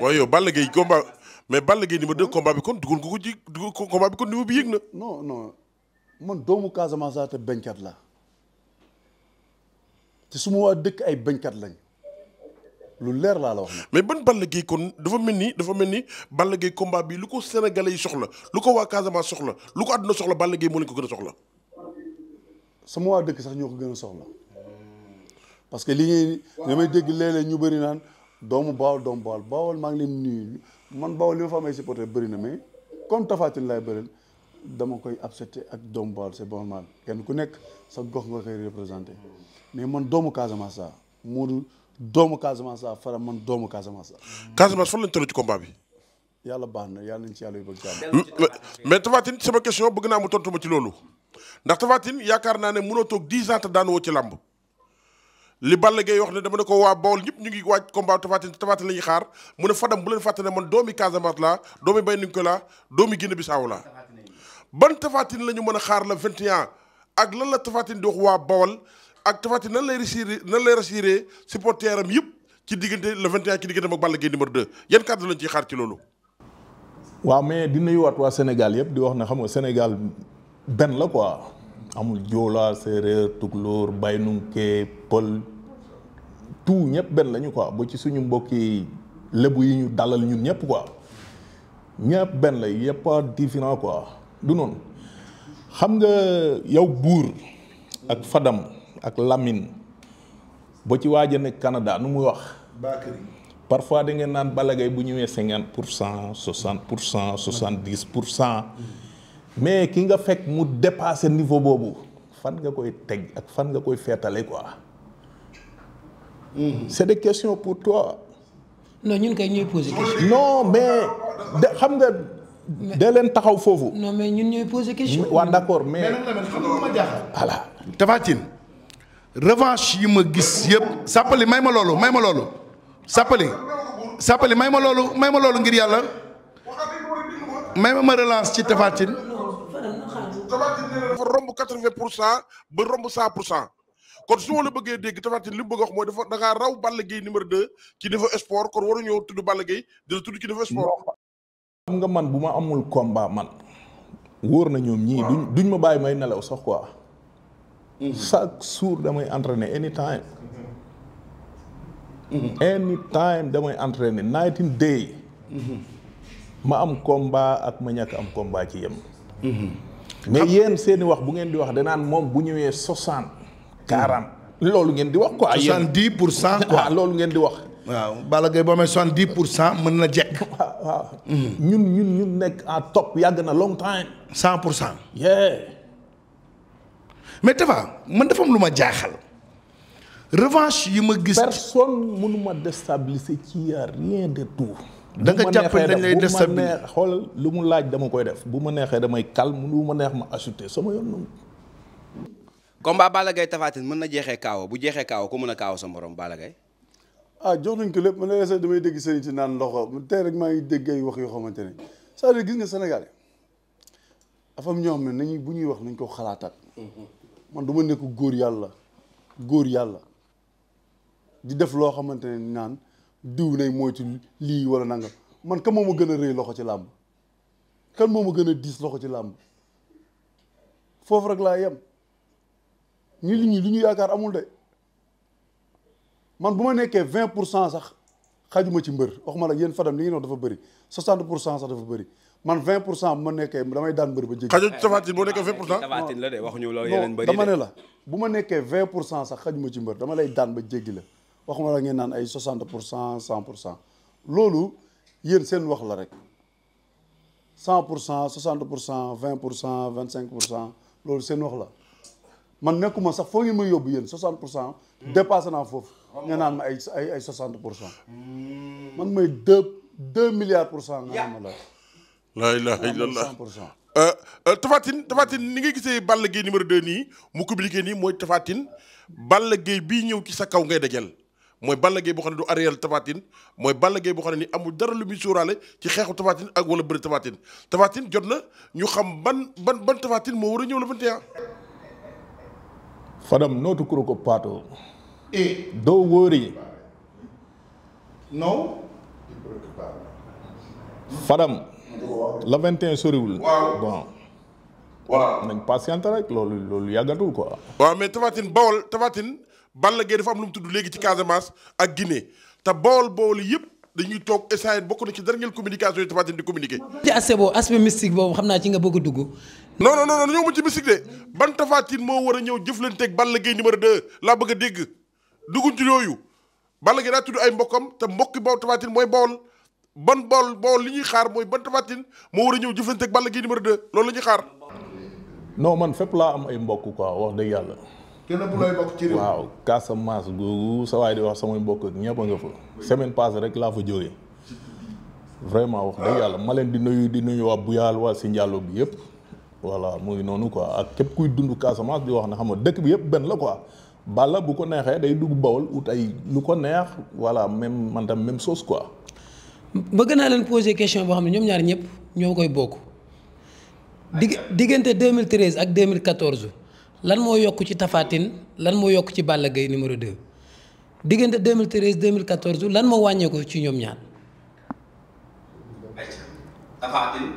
waaw yow Balla Gaye combat mais Balla Gaye ma 2 combat bi kon dugal nga ko ci dugal combat bi kon niveau bi yëg na. non non man doomu Casamance te bañkat la te suma waa dëkk ay bañkat lañ. lu leer laa la wax mais ban Balla Gaye kon dafa mel ni dafa mel ni Balla Gaye combat bi lu ko sénégalais yi soxla lu ko waa Casamance soxla lu ko àdduna soxla Balla Gaye moo leen ko gën a soxla. sama waa dëkk sax ñoo ko gën a soxla parce que li ñuy may dégg léeg ñu bëri naan doomu Bawol doomu Bawol Bawol maa ngi leen nuyu man Bawol li ma fa amee supporter bëri na mais comme Tapha Tine laay bëreel dama koy accepté ak doomu Bawol c'est normal kenn ku nekk sa gox nga koy représenté mais man doomu Casamance sax Modou. doomu Casamance laa faral man doomu Casamance la. Casamance fan lañ toll ci combat bi. yàlla baax na yàlla nañ ci yàlla yu bëgg jàmm. mais Tapha Tine sama question bëgg naa mu tontu ma ci loolu ndax Tapha Tine yaakaar naa ne mënoo toog 10 ans te daanoo ci làmb li Balla Gaye wax ne dama ne ko waa Bawol ñëpp ñu ngi waaj combat Tapha Tine Tapha Tine la ñuy xaar mu ne Fadam bu leen fàtte ne man doomi Casamance laa doomi Bayniko laa doomi Guinée Bissau laa ban Tapha Tine la ñu mën a xaar la 21 ak lan la Tapha Tine di waa Bawol. ak Tapha nan lay rassuré nan lay rassuré supporter am yëpp ci diggante le 21 ci diggante ak Balla Gaye numéro 2 yan kàddu lañ ciy xaar ci loolu. waaw mais di nuyuwaat waa Sénégal yëpp di wax na xam nga Sénégal benn la amul Joola Séeréer Tukulóor Baynunke Pël tout benn lañu quoi ba ci suñu mbokki lébu yi ñu dalal ñun ñëpp quoi benn la yëpp du noonu nga yow buur ak Fadam. ak Lamine ba ci waaj ne nekk Canada nu muy wax. parfois da ngeen naan Balla Gaye bu ñëwee cinquante pour cent soixante pour cent soixante dix pour cent mais ki nga fekk mu dépassé niveau boobu fan nga koy teg ak fan nga koy feetale koi hmm. c'est des question pour trois no ñun kay ñuy poser question. non mais de xam nga. de leen taxaw foofu. non mais ñun ñooy poser question. waaw d'accord mais. mais nag voilà Tapha revanche yi ma gis yëpp sàppali may ma loolu may ma loolu sàppali sàppali may ma loolu may ma loolu ngir yàlla may ma ma relance ci Tapha Tine dafa romb quatre-vingt pour cent ba romb cent pour cent kon su ma bëggee dégg Tapha li mu bëgg wax mooy dafa da raw Balla Gaye numéro deux ci niveau sport kon waru ñëw tudd ball Gaye dina tudd ci niveau sport xam nga man bu ma amul combat man wóor na ñoom ñii duñ duñ ma bàyyi may nelaw sax quoi chaque jour damay entraîner anytime anytime damay entraîner night and day ma am combat ak ma ñàkk am combat ci yem mais yéen seeni wax bu ngeen di wax danaan moom bu ñëwee soixante quarante loolu ngeen di wax quoi soixante dix pour cent loolu ngeen di wax waaw Balla Gaye boo amee soixante dix pour cent mën na jekk <laughs> ñun ñun ñun nekk à top yàgg na long time cent pour cent mais Tapha man dafa lu ma jaaxal revanche yi ma gis. personne mënuma déstabiliser ci yàlla rien de tout. da nga jàpp dañ lay déstabiliser xoolal lu mu laaj dama koy def bu ma neexee damay calme lu ma neex ma ajouté sama yoon. combat Balla Gaye Tapha Tine mën na jeexee kaaw bu jeexee kaaw ko mën a kaaw sa morom Balla Gaye ah jox nañ ko lépp man la sax damay dégg sëriñ si naan ndox tey rek maa ngi dégg ay wax yoo xamante ni c'est-à-dire gis nga Sénégal dafa am ñoo xam ne bu ñuy wax nañ ko xalaataat. Mhm. man du ma nekk góor yàlla góor yàlla di def loo xamante ne naan diw nay ci lii wala nangam man kan moom ma gën a rëy loxo ci làmb kan moom ma gën a diis loxo ci làmb foofu rek laa yem ñu li ñu lu ñu yaakaar amul de man bu ma nekkee vingt pour cent sax xajuma ci mbër ma la yéen fadam li ngeen wax dafa bëri soixante pour cent sax dafa bëri man 20 pour cent bu ma nekkee damay daan mbër ba jéggi. xajul Tapha Tine la de waxuñu loolu yeneen bëri de dama ne la bu ma nekkee lay daan ba jéggi la waxuma la ngeen naan ay 60 pour cent 100 pour cent loolu yéen seen wax la rek 100 pour cent 60 pour cent 20 pour cent 25 pour cent loolu seen wax la man nekkuma sax foo ngi may yóbbu yéen 60 pour cent. dépassé naa foofu. ngeen naan ma ay ay ay pour cent. Hmm. man may 2 2 milliards pour cent. nga ma la. la ilaha illallah 100 pour cent euh, euh, Tapha Tine Tapha Tine ni nga gisee Balla Gaye numéro 2 nii mu communiqué nii mooy Tapha Tine Balla bii ñëw ci sa kaw ngay dajal mooy Balla Gaye boo xam ne du arrière Tapha mooy Balla Gaye boo xam ne ni amul dara lu muy sóoraale ci xeexu Tapha Tine ak wala bëri Tapha Tine jot na ñu xam ban ban ban Tapha moo war a ñëw la 21. Fadam nootu kuro ko e. doo wóori. Fadam. le 21 soriwul. waaw bon. waaw nañ patiente rek loolu loolu yàggatul quoi. waaw mais Tapha Tine Bawol Tapha Tine Balla Gaye dafa am lu mu tudd léegi ci Casamance ak Guinée te Bawol Bawol yëpp dañuy toog essayé bokk na ci dernière communication yi Tapha Tine di communiquer. ci aspect boobu aspect mystique boobu xam naa ci nga bëgg a dugg. non non non ñëw ma ci mystique de ban Tapha Tine moo war a ñëw jëflanteeg bëgg a dégg dugguñ ci yooyu Balla Gaye daa tudd ay mbokkam te mbokki boobu Tapha mooy Bawol. ban bool bool li ñuy xaar mooy ban Tapha Tine moo war a ñëw jëflante ak Balla Gaye numéro 2 loolu la ñuy xaar. noo man fépp laa am ay mbokk quoi wax dëgg yàlla. kenn bu lay bokk ci waaw Casamance googu sa waay di wax samay mbokk ak ñëpp a nga rek laa fa jógee. vraiment wax dëgg yàlla ma leen di nuyu di nuyu waa Buyal waa si Ndiallo bi yëpp. voilà moo ngi noonu quoi ak képp kuy dund Casamance di wax na xam nga dëkk bi yëpp benn la quoi. Balla bu ko neexee day dugg Bawol ut ay lu ko neex voilà même man tam même soos quoi. bëgg naa leen poser question boo xam ne ñoom ñaar ñëpp ñoo koy bokk. dig diggante 2013 ak 2014 lan moo yokk ci Tapha Tine lan moo yokk ci Balla Gaye numéro 2 diggante 2013 2014 lan moo wàññeeku ci ñoom ñaar. Tapha Tine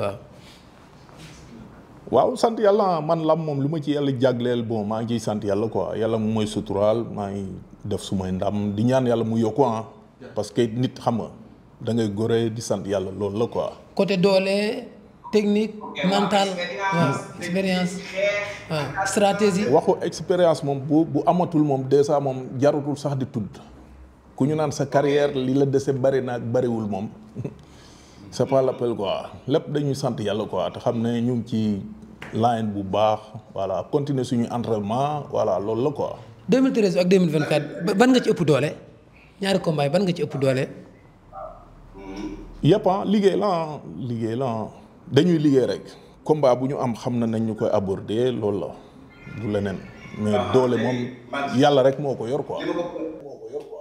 waaw. waaw sant yàlla man lam moom lu ma ci yàlla jagleel bon maa ngi sant yàlla quoi yàlla mu mooy suturaal maa ngi def sumay ndam di ñaan yàlla mu yokk ah. parce que nit xam nga da ngay di sant yàlla loolu la quoi. côté doole technique mental waaw expérience waaw stratégie. waxu expérience moom bu bu amatul moom dèjà moom jarutul sax di tudd ku ñu naan sa carrière li la dese bari naag bariwul moom <laughs> c'est pas l'appel quoi lépp dañuy sant yàlla quoi te xam ne ñu ngi ci line bu baax voilà continuer suñu entraînement voilà loolu la quoi. 2013 ak 2024 ban nga ci ëpp doole. ñaari combat yi ban nga ci ëpp doole. yëpp ah, liggéey la ah, liggéey la ah. dañuy liggéey rek combat bu ñu am xam na nañ ñu koy aborder loolu la du leneen mais doole moom yàlla rek moo ko yor quoi.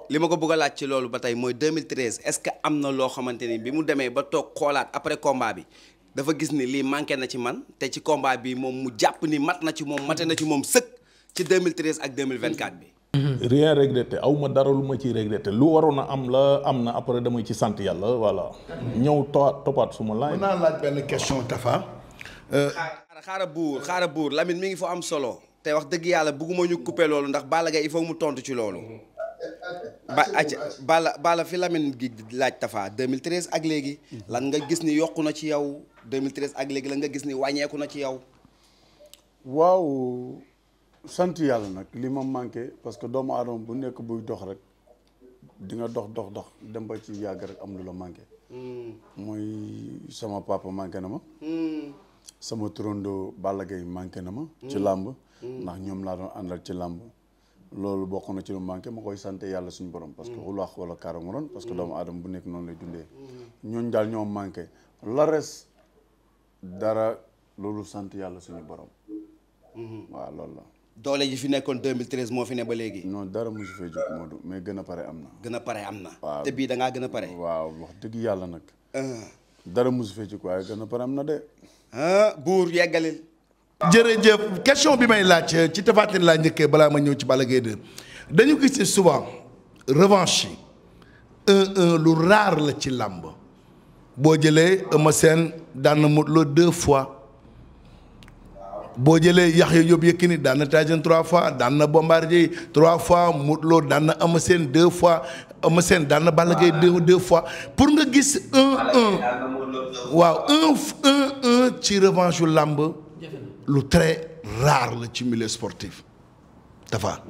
li ma ko bëgg a laaj ci loolu ba tey mooy 2013 est que am na loo xamante ni bi mu demee ba toog xoolaat après combat bi dafa gis ni lii manqué na ci man te ci combat bi moom mu jàpp ni mat na ci moom mate na ci moom sëkk ci 2013 ak 2024 bi. Mm-hmm. rien regretté aw ma dara lu ma ci regretté lu waroon a am la am na après dama ci sant yàlla voilà. ñëw toppaat toppaat su ma laaj. mën naa benn question Tafa. Euh, xaara buur xaara buur Lamine mi ngi fa am solo te wax dëgg yàlla bugguma ñu couper loolu ndax Balla Gaye il faut mu tontu ci loolu. Mm-hmm. ba acca Balla Balla fi Lamine gi laaj Tafa 2013 ak léegi lan nga gis ni yokku na ci yow 2013 ak léegi lan nga gis ni wàññeeku na ci yow. waaw. sant yàlla nag li ma manqué parce que doomu aadama bu nekk buy dox rek di nga dox dox dox dem ci yàgg rek am lu la manqué. mooy hmm. sama papa manqué na ma. Hmm. sama turandoo Balla Gaye manqué na ma. ci hmm. làmb ndax ñoom laa doon àndal ci làmb loolu bokku na ci lu manqué ma koy sant yàlla suñu borom. parce que xulaax wala kaaram ron parce que doomu aadama bu nekk noonu lay dundee. ñooñ daal ñoo manqué la res dara loolu sant yàlla suñu borom. waaw loolu la. doole ji fi nekkoon 2013 moo fi ne ba léegi. non dara mosu fee jóg Modou mais gën a pare am na. gën a pare am na. waaw te bii da ngaa gën a pare. waaw wax dëgg yàlla nag. Ah. dara mosu fee jóg waaye gën a pare am na de. Ah, buur yeggalil. jërëjëf question bi may laaj ci Tapha laa njëkkee balaa ma ñëw ci Balla Gaye de dañu gis ne souvent revanche lu raar la ci làmb boo jëlee Eumeu Sène daan na Modou Lo deux fois. boo jëlee Yaxya yëkk Yékini daan na Tyson trois fois daan na Bombardier trois fois Modou Lô daan na Eumeu seen deux fois Eumeu seen daan na Balla Gaye deux deux fois pour nga gis un un waaw un un ci revanche yu làmb lu très rare la ci milieu sportif dafa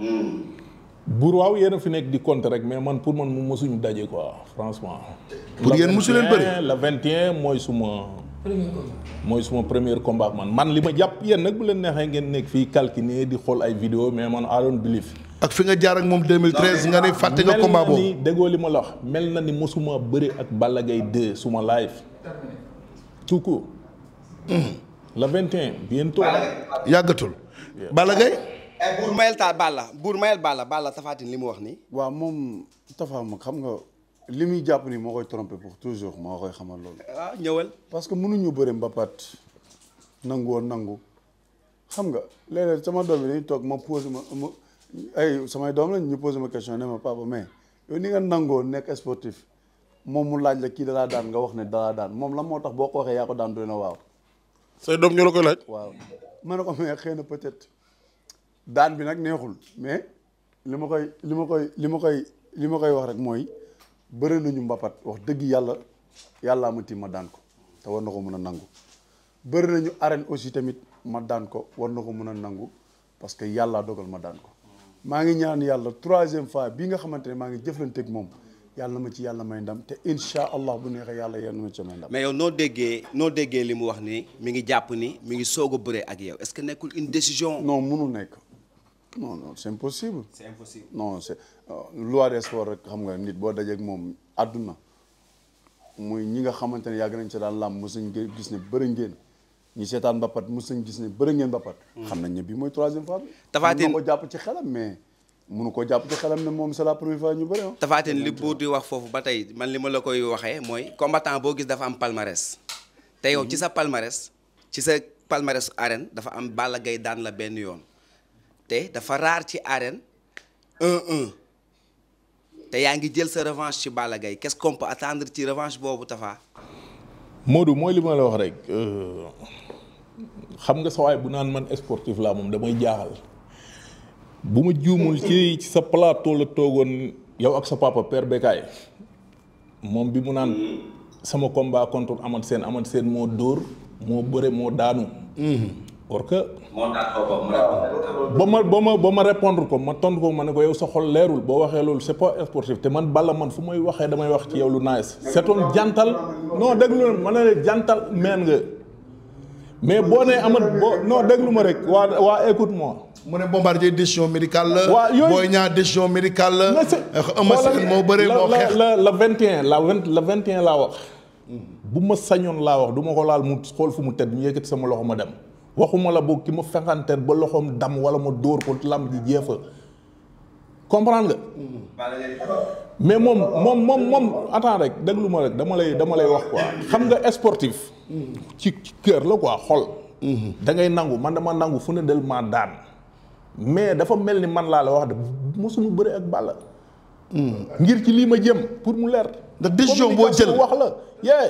buur waaw a fi nekk di compter rek mais man pour man mosuñu daje quoi franchement pour yéen mosu leen bëri mooy suma mooy suma premier combat man man li ma jàpp yéen nag bu leen neexee ngeen nekk fii calciner di xool ay vidéo mais man I don't believe. ak fi nga jaar ak moom 2013 nga ne ah, fàtte nga ni déggoo li ma la mel na ni mosuma bëri ak Balla Gaye 2 suma live. tout court. Hmm. le 21 bientôt. yàggatul. Balla Gaye. Eh, buur mayel Balla buur mayel Balla Balla Tapha li mu wax nii. waa moom Tapha ma xam nga. li muy jàpp ni moo koy tromper pour toujours moo koy xamal loolu. ah ñëwal. parce que mënuñu bëre mbapat nanguwoon nangu xam nga léeg sama doom yi dañuy toog ma posé ma ma ay samay doom lañ ñu posé ma question ne ma papa mais yow nangoo nekk sportif moom mu laaj la kii dalaa daan nga wax ne dalaa daan moom la moo tax boo ko waxee yaa ko daan doy na waaw. say doom ñoo la koy laaj. waaw ma ne ko mais xëy na peut-être daan bi nag neexul mais li ma koy li ma koy li ma koy li ma koy wax rek mooy. bëri nañu mbapat wax dëgg yàlla yàllaa ma tiim ma daan ko te war na ko mën a nangu bëri nañu arène aussi tamit ma daan ko war na ko mën a nangu parce que yàllaa dogal ma daan ko maa ngi ñaan yàlla troisième fois bi nga xamante ne maa ngi jëflanteeg moom yàlla ma ci yàlla may ndam te incha allah bu neexee yàlla yàlla na ma ci may ndam. mais yow noo déggee noo déggee li mu wax ni mi ngi jàpp ni mi ngi soog a bëree ak yow est-ce que nekkul une décision. noo munu nekk. non non c'est impossible. c'est impossible non c'est euh, loi des sports rek xam nga nit boo dajeeg moom àdduna muy ñi nga xamante ne yàgg nañ ci daan làmb mos nañ gis ne bëri ngeen ñi seetaan bapat mos nañ gis ne bëri ngeen bapat. Hmm. xam nañ ne bii mooy troisième fois bi. Tafaatine mën ko jàpp ci xelam mais. ko jàpp xelam ne moom c'est la première fois ñu bëri Tapha Tine li buur di wax foofu ba tey man li ma la koy waxee mooy combattant boo gis dafa am palmarès te yow ci hmm. sa palmarès ci sa palmarès arène dafa am Balla gay daan la benn yoon te dafa raar ci arène te yaa ngi jël sa revanche ci Balla Gaye qu'est-ce qu'on ci revanche boobu Tapha. Modou mooy li ma la wax rek euh, xam nga sa waay bu naan man sportif laa moom damay jaaxal bu ma juumul ci ci sa plateau la toogoon yow ak sa papa père Bécaye moom bi mu naan sama combat contre Amath Sène Amath Sène moo dóor moo bëre moo daanu. Mm-hmm. or que. moo tax boppam ba ma ba ma ba ma répondre ko ma ton ko ma ne ko yow sa xol leerul boo waxee loolu c'est pas sportif te man Balla man fu may waxee damay wax ci yow lu nice. seetoon jantal non déglu ma ne jantal men nga mais boo ne amat boo déglu ma rek waa waa écoute moi. mu ne Bombardier décision médicale la. waaw yooyu Boy Niang décision médicale la. mais c'est moo bëree moo xeex la la la 21 la 20 la laa wax. bu ma sañoon laa wax du ma ko laal mu xool fu mu tëdd ñu sama loxo ma dem. waxuma la boog ki ma fexanteer ba loxoom dam wala ma dóor ko lam di jeefa comprendre nga. mais moom moom moom moom attends rek déglu ma rek dama lay dama lay wax xam nga sportif. ci cœur la quoi xol. da ngay nangu man dama nangu fu ne del maa daan mais dafa mel ni man laa la wax de mosuma bëre ak Balla. ngir ci lii ma jëm pour mu leer. ndax décision boo jël wax la yee.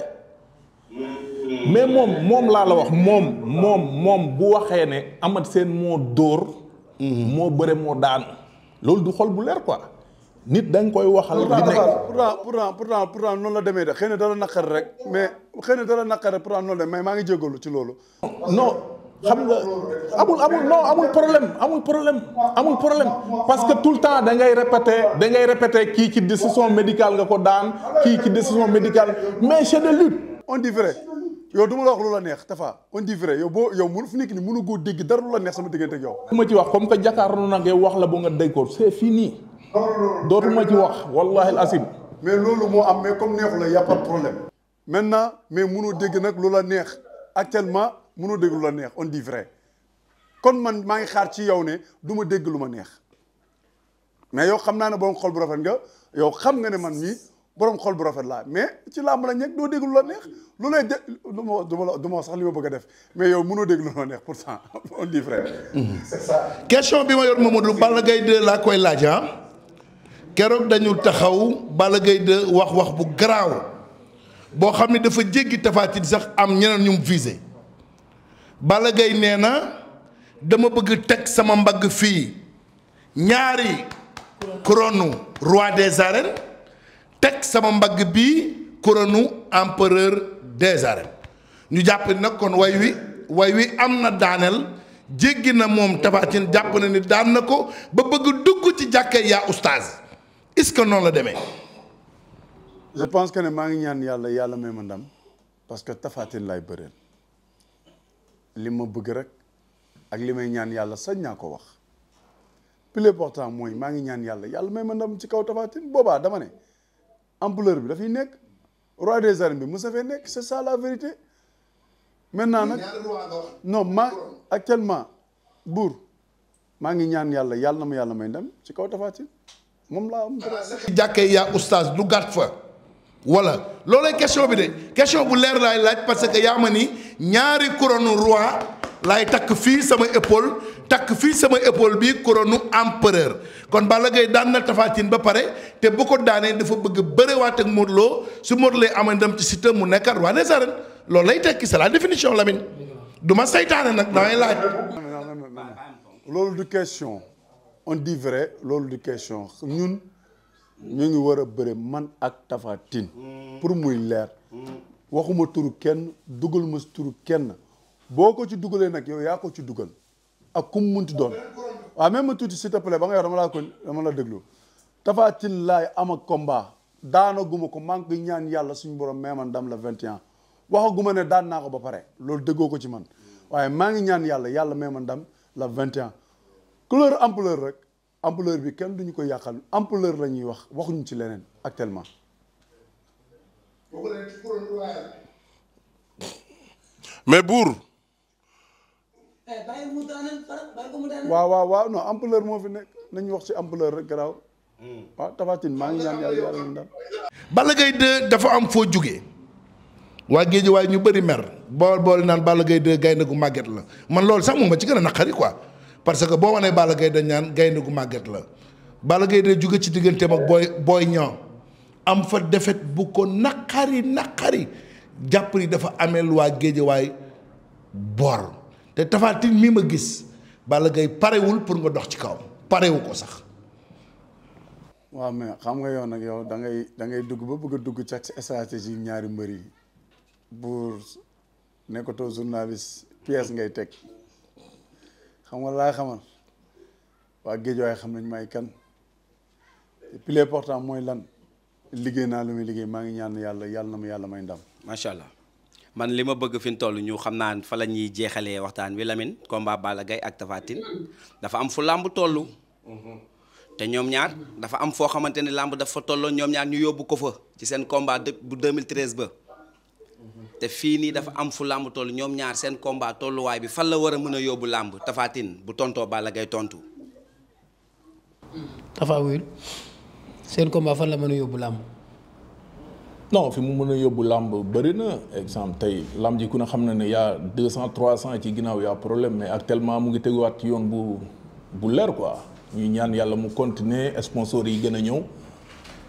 mais moom moom laa la wax moom moom moom bu waxee ne Amat seen moo dóor. moo bëre moo daan loolu du xol bu leer quoi. nit da koy waxal. li nekk pourtant pourtant pourtant pourtant noonu la demee de xëy na dara naqar rek mais xëy na dara naqar rek pourtant noonu la mais maa ngi jégalu ci loolu. non xam nga amul amul non amul problème amul problème amul problème parce que tout le temps da ngay répété dangay ngay répété kii ci décision médicale nga ko daan kii ci décision médicale mais c'est de lutte. on dit yow duma la wax lu la neex Tafa on dit vrai yow boo yow mu fu nekk nii mënu goo dégg dara lu la neex sama diggante yow. ma ci wax comme que jàkkaarloo nag yow wax la ba nga dégg ko c'est fini. dootuma ci wax wallahi al asim mais loolu moo am mais comme neexu la y a pas de maintenant mais mënoo dégg nag lu la neex actuellement mënoo dégg lu la neex on dit vrai kon man maa ngi xaar ci yow ne du ma dégg lu ma neex mais yow xam naa ne borom xol bu rafet nga yow xam nga ne man mii. borom xol bu rafet laa mais ci làmb la nekk doo dégg la neex lu lay de du ma du sax li ma bëgg a def mais yow mënoo dégg lu la neex pourtant <laughs> on dit frère. Mm-hmm. Mm-hmm. c'est ça. question bi ma yor Mamadou Balla Gaye 2 laa koy laaj ah keroog dañu taxaw Balla Gaye wax wax bu garaaw boo xam ne dafa jéggi tafaatin sax am ñeneen ñu mu visé Balla Gaye nee na dama bëgg teg sama mbagg fii ñaari couronne roi des arènes. teg sama mbagg bi couronne empereur des arènes ñu jàpp ni nag kon way wi way wi am na daaneel jéggi na moom Tapha jàpp na ni daan na ko ba bëgg dugg ci jàkkee yaa oustaz est-ce que noonu la demee. je pense que ne maa ngi ñaan yàlla yàlla may ma dam parce que Tapha lay bëreel li ma bëgg rek ak li may ñaan yàlla sañ naa ko wax plus important mooy maa ngi ñaan yàlla yàlla may ma ndam ci kaw Tapha Tine boobaa dama ne. ampleur bi dafay nekk roi des arènes bi mos a nekk c'est ça la vérité maintenant nag non ma actuellement buur maa ngi ñaan yàlla yàlla na ma yàlla may ndam ci kaw Tapha moom laa am. jàkkee yaa oustaz du gàtt fa. wala loolay question bi de question bu leer laay laaj parce que yaa ma ni ñaari couronne roi laay takk fii sama épaule. takk fii sama épaule bi couronne empereur kon bala Gaye daan na Tapha ba pare te bu ko daanee dafa bëgg bërewaat ak Modou Lo su Modou Lo amee ndam ci Siteu mu nekkat roi des arènes loolu lay tekki c'est la définition Lamine du ma saytaane nag damay laaj. loolu du question on dit vrai loolu du question ñun ñu ngi war a bëre man ak Tapha pour muy leer waxuma turu kenn dugal ma turu kenn boo ko ci dugalee nag yow yaa ko ci dugal. ak kum ti doon waaw même ma tuuti si te plaît ba nga yor dama laa ko dama la déglu Tapha Tine laay am ak combat daanaguma ko maa ngi ñaan yàlla suñu borom mais man dam la 21 waxaguma ne daan naa ko ba pare loolu déggoo ko ci man waaye maa ngi ñaan yàlla yàlla mais man dam la 21 couleur ampleur rek ampleur bi kenn duñu ko yàqal ampleur la ñuy wax waxuñu ci leneen actuellement. mais buur. Eh, waaw waaw waaw non ampleur moo fi nekk nañu wax ci ampleur rek garaw waaw hmm. ah, Tapha Tine maa ngi ñaan yàlla yàlla dafa am foo jóge waa géej waaye ñu bëri mer bool bool naan Balla gay 2 gaynde gu màgget la man loolu sax moom ma ci gën a naqari quoi parce que boo wanee bala Gaye 2 naan gaynde gu màgget la bala gay 2 jóge ci diggante ak booy booy ñoo am fa défaite bu ko naqari naqari jàpp ni dafa ameel waa géej waay te Tapha Tine mi ma gis Balla Gaye parewul pour nga dox ci kawam parewu ko sax. waaw mais xam nga yoon nag yow dangay dangay dugg ba bugg a dugg ca stratégie ñaari mbër yi pour nekkatoo journaliste pièce ngay teg xam nga laay xamal waa géej waaye xam nañ may kan et puis l'important mooy lan liggéey naa lu muy liggéey maa ngi ñaan yàlla yàlla na mu yàlla may ndam macha man li ma bëgg fi mu toll ñu xam naa fa la ñuy jeexalee waxtaan wi lamin kombaa bala gay ak Tapha dafa am fu làmb toll. te ñoom ñaar dafa am foo xamante ne làmb dafa tolloo ñoom ñaar ñu yóbbu ko fa ci seen combat bu 2013 ba. te fii nii dafa am fu làmb toll ñoom ñaar seen combat tolluwaay bi fan la war a mën a yóbbu làmb Tapha bu tontoo bala gay tontu. Tapha Tine seen combat fan la mën a yóbbu làmb. non fi mu mën a yóbbu làmb bëri na exemple tey làmb ji ku ne xam na ne y' a deux cent trois cent ci ginnaaw y' a problème mais actuellement mu ngi teguwaat ci yoon bu bu leer quoi ñu ñaan yàlla mu continuer sponsor yi gën a ñëw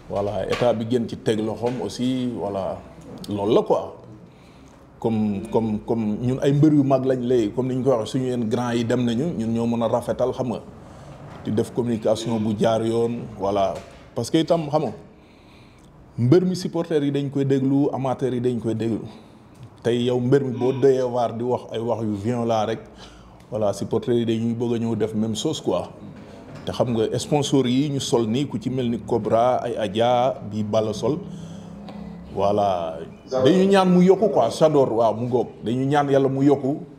voilà état bi gën ci teg loxoom aussi voilà loolu la quoi comme comme comme ñun ay mbër yu mag lañ lay comme ni ñu ko waxee suñu yenn grand yi dem nañu ñun ñoo mën a rafetal xam nga di def communication bu jaar yoon voilà parce que itam xam mbër mi supporters yi dañ koy déglu amateurs yi dañ koy déglu tey yow mbër mi boo doyee waar di wax ay wax yu la rek voilà supporters yi dañuy bëgg a ñëw def même soos quoi. te xam nga sponsor yi ñu sol nii ku ci mel ni Cobra ay Adja bi bala sol voilà. dañu ñaan mu yokku quoi Sador waa mu góog dañu ñaan yàlla mu yokku.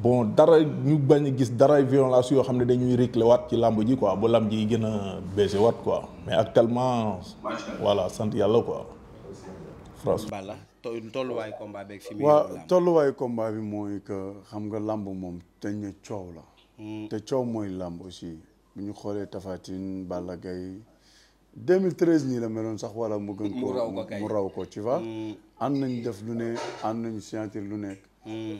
bon dara ñu bañ a gis dara violence yoo xam ne dañuy réclé waat ci làmb ji quoi ba làmb ji gën a baissé waat quoi mais actuellement. voilà sant yàlla quoi. franchement. bala tolluwaayu combat beeg fi. waaw tolluwaayu combat bi mooy que xam nga làmb moom dañ ñu coow la. Hmm. te coow mooy làmb aussi bu ñu xoolee Tapha Tine Balla Gaye 2013 nii la meloon sax wala mu gën. mu raw ko kay mu raw ko tu vois. ànd hmm. nañ def lu ne ànd nañ scientifique lu nekk. Hmm.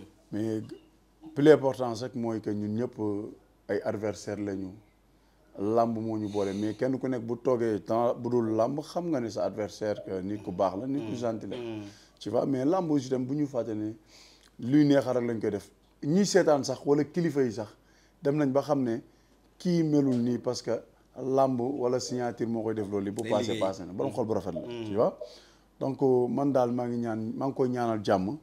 plus portant rek mooy que ñun ñëpp euh, ay adversaire la ñu làmb moo ñu boole mais kenn ku nekk bu toogee temps bu dul làmb xam nga ne sa adversaire nit ku baax la nit ku mm. gentil ci mm. tu mais làmb aussi bu ñu fàtte ne luy neexal lañ koy def ñi seetaan sax wala kilifa yi sax dem nañ ba xam ne kii melul nii parce que làmb wala signature moo koy def loolu bu passé passé na borom xol bu rafet la mm. tu vois donc euh, man daal maa ngi ñaan maa ngi koy ñaanal jàmm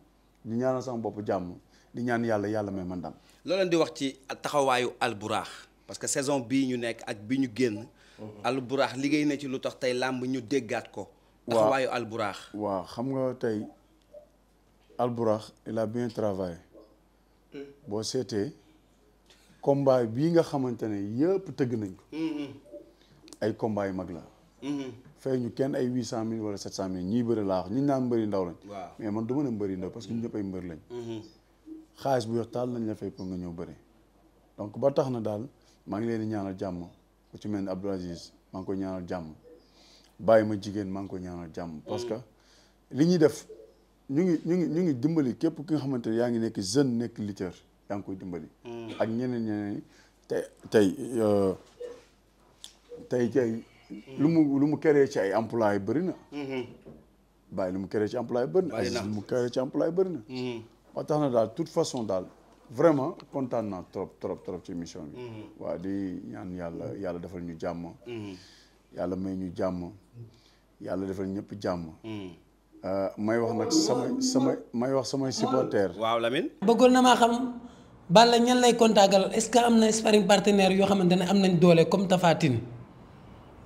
di ñaanal sama bopp jàmm di ñaan yàlla yàlla may man dam looleen di wax ci taxawaayu alburaax parce que saison bii ñu nekk ak bi ñu génn. Mm-hmm. alburaax liggéey ne ci lu tax tey làmb ñu déggaat ko. waaw taxawaayu alburaax. waa xam nga tey alburaax il a bien travaillé. Mm-hmm. boo seetee combat bii nga xamante ne yëpp tëgg nañ ko. Mm-hmm. ay combat yu mag la. fay ñu kenn ay huit cent mille wala sept ñii bëri laa wax ñi naan mbëri ndaw lañ. waaw mais man du ma ne mbëri ndaw parce que ñu ñëpp ay mbër lañ. xaalis bu yor taal lañ la fay nga ñëw bëri donc ba tax na daal maa ngi leen di ñaanal jàmm ku ci mel ni Abdou Aziz maa ngi koy ñaanal jàmm bàyyi ma jigéen maa ngi koy ñaanal jàmm. parce que li ñuy def ñu ngi ñu ngi ñu ngi dimbali képp ki nga xamante ne yaa ngi nekk jeune nekk lutteur yaa ngi koy dimbali. Hmm. ak ñeneen ñeneen tey tey euh, tey lu mu lu mu créé ci ay emplois bëri na. Hmm. bàyyi lu mu créé ci emplois bëri na. mu créé ci emplois bëri na. Hmm. ba tax na daal toute façon daal vraiment kontaan naa trop trop trop ci émission bi. Mhm. waaw di ñaan yàlla yàlla defal ñu jàmm. Mhm. yàlla may ñu jàmm. yàlla defal ñëpp jàmm. Mhm. Euh, may wax nag samay samay may wax samay supporter waaw Lamine. bëggoon na maa xam Balla ñan lay contactal est-ce que am na sparring partenaire yoo xamante ne am nañ doole comme tafaatin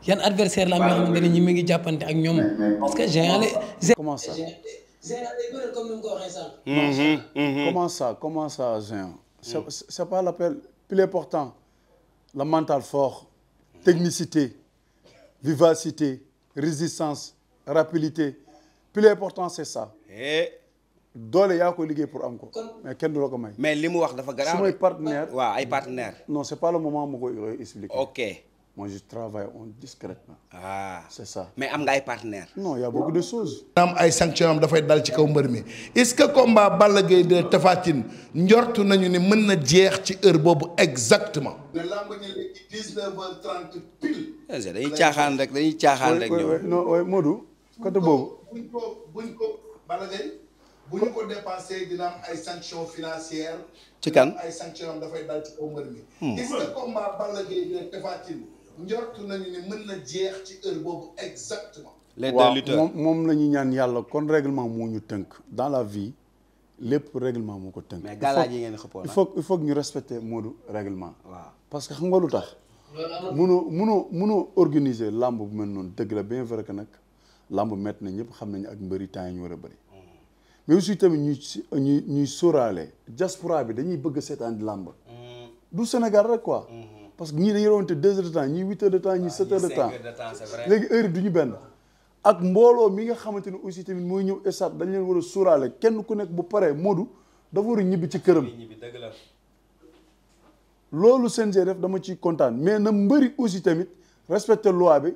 Tine yan adversaire la ma yoo xamante ne ñi mu ngi jàppante ak ñoom parce que. comment ça général day bëre comme ni mu ko waxee sànq. Mm-hmm, mm-hmm. comment ça comment ça Géant. c' est c' est pas l' appel plus important le mental fort technicité vivacité résistance rapidité plus important c' est ça. Eh. doole yaa ko liggéey pour am ko. mais kenn du la ko may. mais li mu wax dafa garaaw su may partenaire. waaw ay partenaire non c' est pas le moment mu koy expliquer. ok. Moi, je travaille en discrètement. Ah. C'est Mais am nga ay partenaire. Non, il y a beaucoup de choses. am ay sanctions am dafay dal ci kaw mbër mi est-ce que combat Balla gay de Tapha Tine njortu nañu ni mën na jeex ci heure boobu exactement. ne lamb ñu léegi eh, caaxaan rek dañuy caaxaan rek. ñoom non oui côté boobu buñ ko buñ ko ñu ko ay sanctions financières. ci kan ay sanctions dafay hmm. de Tapha njort nañu ne mën na jeex ci heure boobu exactement. les deux lutteurs waaw moom moom la ñu ñaan yàlla kon réglement moo ñu tënk dans la vie lépp réglement moo ko tënk. mais galaaj yi ngeen xëppoon il faut il faut ñu respecter Moodu règlement. waaw parce que xam nga lu tax. mënoo mënoo mënoo organiser làmb bu mel noonu dëgg la bien vrai que nag làmb métti na ñëpp xam nañu ak mbëri temps yi ñu war a bëri. mais aussi tamit ñuy ñuy ñuy sóoraale diaspora bi dañuy bëgg seetaan làmb. Mm. du Sénégal rek quoi. Mm. parce que ñii dañuy rawante deux heures de temps ñii huit heures de temps léegi heure yi ñu benn ak mbooloo mi nga xamante ni aussi tamit mooy ñëw esat dañ leen war a suuraale kenn ku nekk bu paree Modou dafa war ñibbi ci këram loolu CNG def dama ci kontaan mais na mbëri aussi tamit respecté loi bi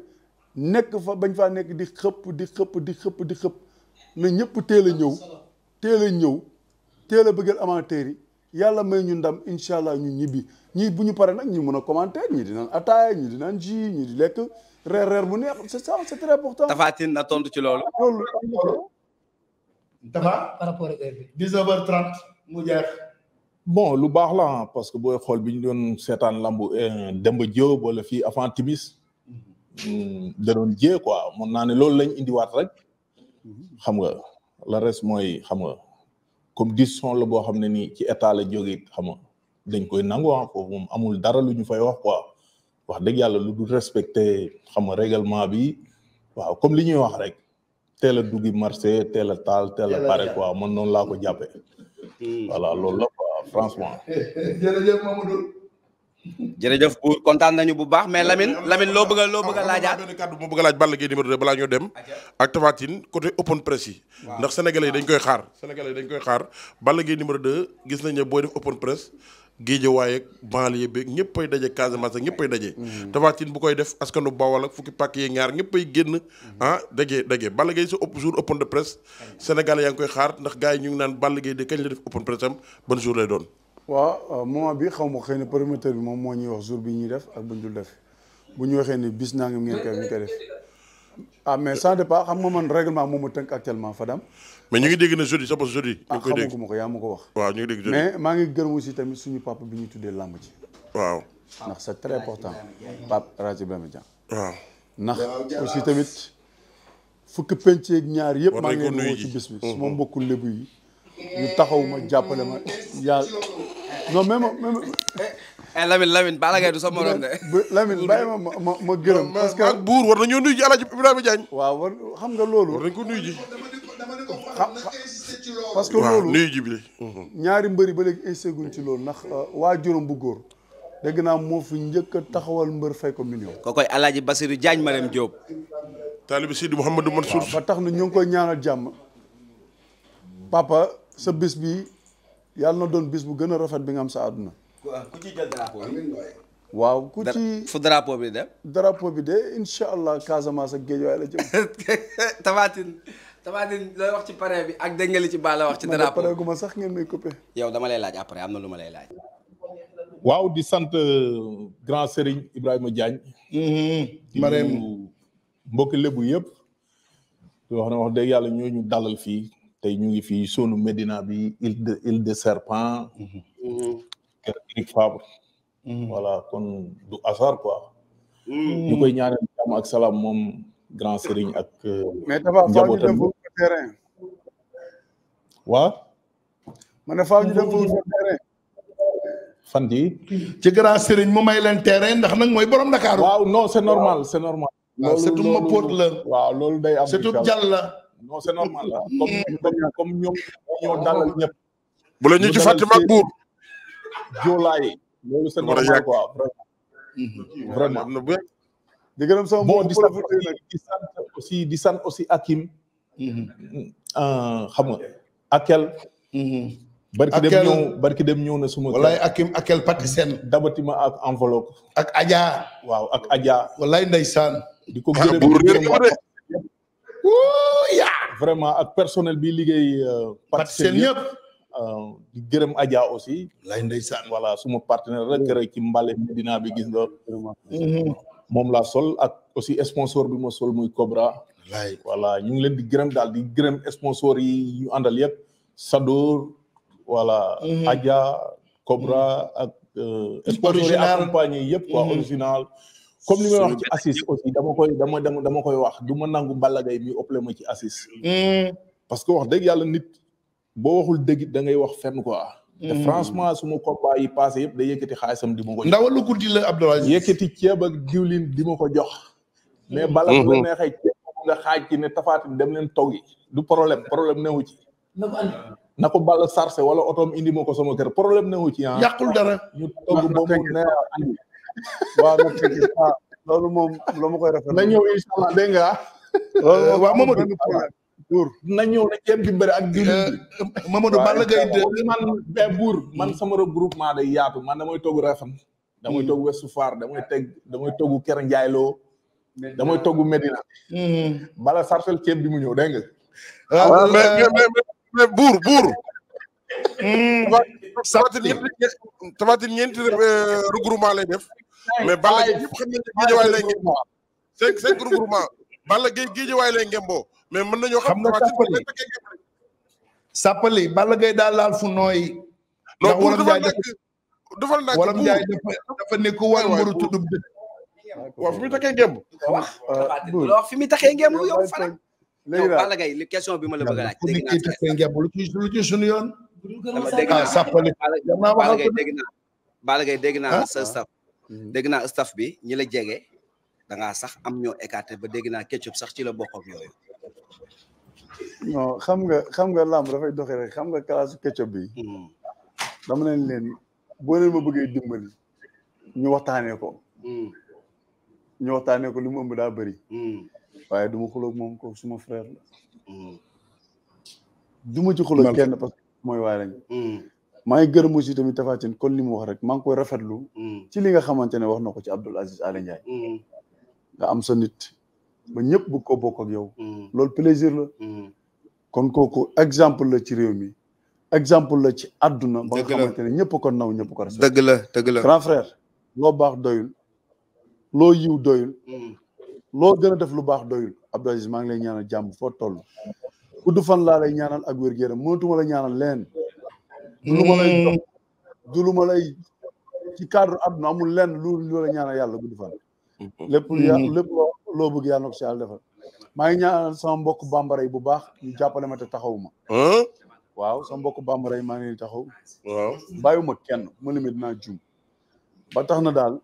nekk fa bañ faa nekk di xëpp di xëpp di xëpp di xëpp na ñëpp teel a ñëw teel a ñëw teel a bëggal amateur yi yàlla may ñu ndam incha allah ñu ñibbi ñii bu ñu paree nag ñu mën a commenter ñii di naan ataaya ñii di ji ñii lekk reer bu neex c'est ça c'est très important. Tapha Tine na tontu ci loolu. Ah, loolu Tapha par mu jeex. bon lu baax la parce que booy xool bi ñu doon seetaan lambu eh, Demba Diop wala fii avant timis mm-hmm. da doon naa ne loolu lañ indiwaat rek. Mm-hmm. xam nga le reste mooy xam nga comme disons la boo xam ne nii ci état la jógee xam nga. dañ koy nangu ah foofu moom amul dara lu ñu fay wax quoi wax dëgg yàlla lu du respecté xam nga règlement bi waaw comme li ñuy wax rek teel a duggi marché teel a taal teel a pare quoi man noonu laa ko jàppee hmm. voilà loolu la quoi franchement. jërëjëf Mamadou. jërëjëf bu baax mais Lamine Lamine loo loo bëgg a laajaat benn kàddu moo a laaj Balla Gaye numéro 2 balaa ñoo dem ak Tapha Tine côté open press yi ndax sénégalais dañ koy xaar sénégalais yi dañ koy xaar Balla Gaye numéro 2 gis nañ ne booy def open press Géejawaay ak banlieue bi ñëpp ay daje Casamance ak ñëpp ay daje. Mhm. Tapha Tine bu koy def askanu Bawol ak fukki pàkk yi ñaar ñëpp ay génn. Mhm. Ah, daje daje Balla Gaye sa ëpp jour open de Sénégal yaa ngi koy xaar ndax gars yi ñu ngi naan Balla Gaye de kañ la def open presse am ban jour lay doon. waaw euh, moment bi xaw ma xëy na promoteur bi moom moo ñuy wax jour bi ñuy def ak buñ dul def bu ñu waxee ni bis nangam ngeen koy ñu koy def ah mais sans départ xam nga man règlement moomu mais ñu ngi dégg na jeudi sa bopp jeudi. Ah, ko yaa ma ko wax. waaw ñu mais maa ngi gërëm aussi tamit suñu papa bi ñu tuddee làmb ji. waaw ndax c'est très important Pape Rajo Ibrahima Dia. waaw ndax aussi tamit fukki penc yeeg ñaar yëpp. maa ngi leen woo ci bis bi mhm. su ma mbokku lébu yi ñu taxaw ma jàppale ma yàlla non même même. Eh, eh Lamine Lamine Balla Gaye du sa morom de. Lamine bàyyi ma ma gërëm. parce que ak buur war nañoo nuyu ji El Hadj Ibrahima waaw war xam nga loolu. war nañ ko nuyu ji. parce que loolu mhm. ñaari yi ba léegi insisté ci loolu ndax euh, waa juróom bu góor dégg naa moo fu njëkk taxawal mbër fay ko million ko koy alaaji Basiru Jaañ Maram Jóob taalibi Sidi Mouhamadou Mansour ba tax na ñu ngi koy ñaanal jàmm papa sa bis bi yàlla na doon bis bu gën a rafet bi nga am sa àdduna ku bi waaw ku ci fu drapeau bi de drapeau incha allah Casamance ak Géejawaay la jëm <laughs> Tapha Tapha Tine looy ci pare bi ak dégg nga li ci Balla wax ci dara pare gu ma sax ngeen may coupé. yow laaj après am na lu ma lay laaj. waaw di sant euh, grand Serigne Ibrahima Diagne. Mm-hmm. Marème mbokki lébu yëpp. di wax ne wax dëgg yàlla ñu ñu dalal fii tey ñu ngi fii sonu Medina bi île de île de serpent. Mm-hmm. kër Eric Fabre. Mm-hmm. voilà koy ñaanal ak salaam moom. grand Serigne ak. Euh, njabootam mais terrain. waaw. ma ne faaw ñu dem foofu terrain. fan yii. ci grand Serigne mu may leen terrain ndax nag mooy borom Dakar. waaw non c'est normal c'est normal. waaw surtout ma pot la. waaw loolu day am surtout jàll la. non c'est normal la comme comme ñoom ñoo dalal ñëpp. bu la ñu ci fàttali mag buur. joolaay. loolu c'est normal quoi vraiment. vraiment. di gërëm sama bon di sant aussi di sant aussi Akim. Mhm. Ah, xam nga Akel. Mhm. barki dem ñëw dem ñëw na suma. walaay Akim Akel pati seen. dabati ak enveloppe. ak Adja. waaw ak Adja. walaay ndeysaan. di ko gërëm ak personnel bi liggéey. Euh, pati seen yëpp euh, di gërëm Adja aussi. walaay ndeysaan voilà suma partenaire rek mhm. rek ci mbale Medina bi gis nga. moom la sol ak aussi sponsor bi ma sol muy Cobra. wallaay voilà ñu ngi leen di gërëm daal di gërëm sponsor yi ñu àndal yëpp. Sador. voilà mhm. Adja. Cobra mhm. ak. Euh, sponsor yi accompagné yëpp quoi mhm. original. comme li may wax ci Assis aussi dama koy dama dama koy wax du ma nangu Balla Gaye mi ëppale ma ci Assis. parce que wax dëgg yàlla nit boo waxul dëgg da ngay wax fen quoi. te mm. franchement suma combat yi passé yëpp day yëkkati xaalisam di ma ko jox. ndawal lu guddi la Abdoul Aziz. yëkkati ceeb ak diwlin di ma ko jox. mais bala mm-hmm. bu la neexee ceeb nga dem leen toggi du problème problème newu ci. na ko andi. na wala otoom indi ma ko sama kër problème newu ci ah. yàqul dara ñu togg ba na fekk ah, loolu moom la ma koy rafetlu. na ñëw incha allah dégg nga ah. buur na ñëw na kenn di bëri ak. Euh, Mamadou Balla Gaye de man mais buur man hmm. sama regroupement day yaatu man damay togg Refane. damay hmm. togg Ouest Foire damay teg damay togg ker Ndiaye Lo. damay togu Medina. Hmm. bala sartel ceeb bi mu ñëw dégg nga. waaw euh, ah, mais mais buur buur. tabatil ñeenti tabatil ñeenti euh, regroupement lay def. mais bala Gaye yëpp xam nañ ne géejewaay lay ngemboo. cinq cinq regroupement mais mën nañoo xam nga sàppali sàppali Balla Gaye daal laal fu nooy. ndax waram jaay dafa dafa dafa nekk war mbaru tuddum fi muy taxee ngemb. wax euh, wax fi muy taxee yow Fara. léegi daal question bi ma la bëgg a laaj. yoon. ah sàppali. Balla Gaye dégg dégg naa ah? sa staff. Mm-hmm. dégg naa staff bi ñi la jege da sax am ñoo écarté ba dégg naa Ketchup sax ci la bokk ak yooyu. non xam nga xam nga làmb dafay doxe rek xam nga classe keccop bi hmm. dama leen leen boo leen ma bëggee dimbali ñu waxtaanee ko hmm. ñu waxtaanee ko li mu ëmb daa bëri duma hmm. du xuloog moom ko suma frère la du ma ci xuloog kenn parce que mooy waay lañ maa ngi gërëm aussi tamit kon li mu wax rek maa ngi koy rafetlu ci li nga xamante ne wax na ko ci Abdoul Aziz Aly Ndiaye nga am sa nit ba ñëpp bëgg ko bokk yow. Mm. loolu plaisir la. Mm. kon kooku exemple la ci réew mi exemple la ci àdduna. ba nga xamante ne ñëpp kon naw ñëpp ko respecté. dëgg la dëgg grand frère. loo baax doyul loo yiw doyul. Mm. loo gën a def lu baax doyul Abdou Aziz maa ngi lay ñaanal jàmm foo toll. gudd fan laa lay ñaanal ak wér gu yaram mënatuma la ñaanal leen. du lu lay ci cadre àdduna amul lenn lu lu la ñaanal yàlla gudd fan. loo bëgg yàlla na ko si yàlla defal maa ngi ñaanal sama mbokk bambara yi bu baax ñu jàppale ma taxaw ma. waaw sama mbokk bambara yi maa ngi taxaw. waaw bàyyiwuma kenn ma limit naa jum. ba tax na daal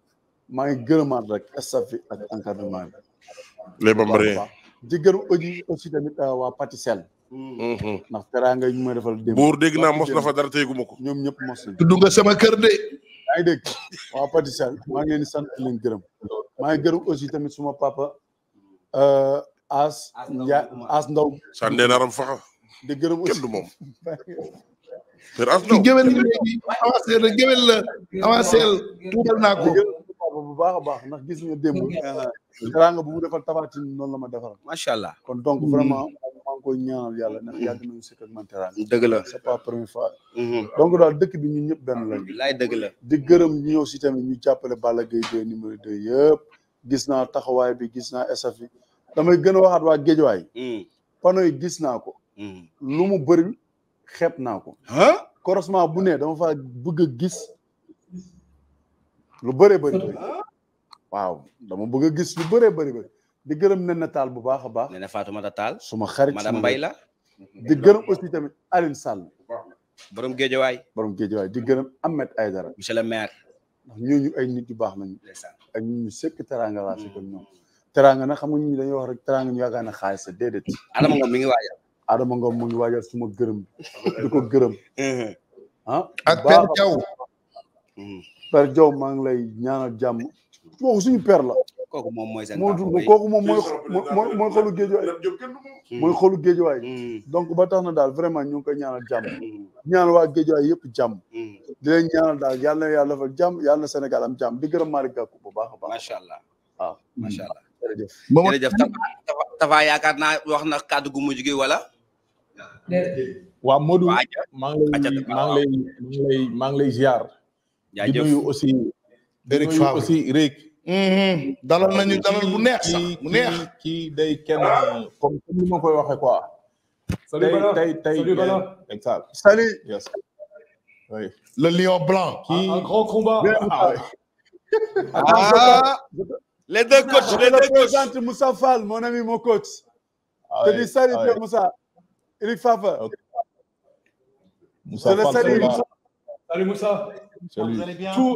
maa ngi gërëmaat rek staff bi a encadrement bi. les bambara yi di gërëm aussi tamit euh, waa Patisel. Mm-hmm. ndax teraanga ñu may defal démb. buur dégg mos na fa dara teegu ma ko. ñoom ñëpp mos nañu. tudd nga sama kër de. yaa ngi dégg Patisel maa ngi leen di leen gërëm. maa ngi aussi tamit suma papa euh, As. Ndiaye As Ndaw. sànnee naram faxa. di gërëm aussi kenn du moom. kër <laughs> As Ndaw ci géwél léegi avancé na géwél la avancé tuubal naa bu baax a baax ndax gis nga démb. <laughs> teranga bu mu defal tabaati noonu la ma defal. macha allah kon donc vraiment. ngi koy ñaanal yàlla ndax yàgg nañu sëkk ak man teraanga. dëgg la mhm. donc daal dëkk bi ñu ñëpp benn lañu. laay dëgg la di gërëm ñi si tamit ñu jàppale Balla Gaye 2 numéro 2 yëpp gis naa taxawaay bi gis naa esaf yi damay gën a waxaat waa Géejawaay. Mhm. pano gis naa ko. Mhm. lu mu bëri xeeb naa ko. corosement bu ne dama faa bëgg a gis lu bëree bëri bëri. waaw dama bëgg a gis lu bëree bëri di gërëm nen taal bu baax a baax. nee na Fatoumata Tall. suma xarit madame Mbaye la. di gërëm aussi tamit Alioune Sall. borom géejawaay. borom géejawaay di gërëm Ahmed Aydara. monsieur le maire. ndax ay nit yu baax lañu. ak ñun ñu sekk teraanga laa sekk teraanga nag xam nga ñun dañuy wax rek teraanga ñu yaakaar ne xaalis sa Adama Ngom mi ngi waajal. Adama Ngom mu ñu waajal suma gërëm. di ko gërëm. Uh-huh. ah ak Père Diaw. Mm-hmm. Père Diaw maa ngi lay ñaanal jàmm. kooku suñu père la. kooku moom mooy seen. mooy kooku moom mooy mooy mooy xoolu géejuwaay. mooy hmm. hmm. donc ba tax na daal vraiment ñu ngi koy ñaanal jàmm. Hmm. ñaanal waa géejuwaay yëpp jàmm. di leen na yàlla jàmm yal na Sénégal am jàmm di gërëm Malick Gakou bu baax a baax. allah waaw macha allah. jërëjëf jërëjëf Tafa Tafa yaakaar naa wax na kàddu gu wala. waaw Modou maa ngi lay maa ngi lay maa aussi. Derek Favre aussi Rick dalal nañu dalal bu neex sax bu neex. kii day kenn comme comme ni ma koy waxee quoi. salut Bala tey tey le lion blanc. kii un grand combat. Ah, ah. Ah. les deux coachs les deux coachs. je présente mon ami mon coach. te di salut Père tout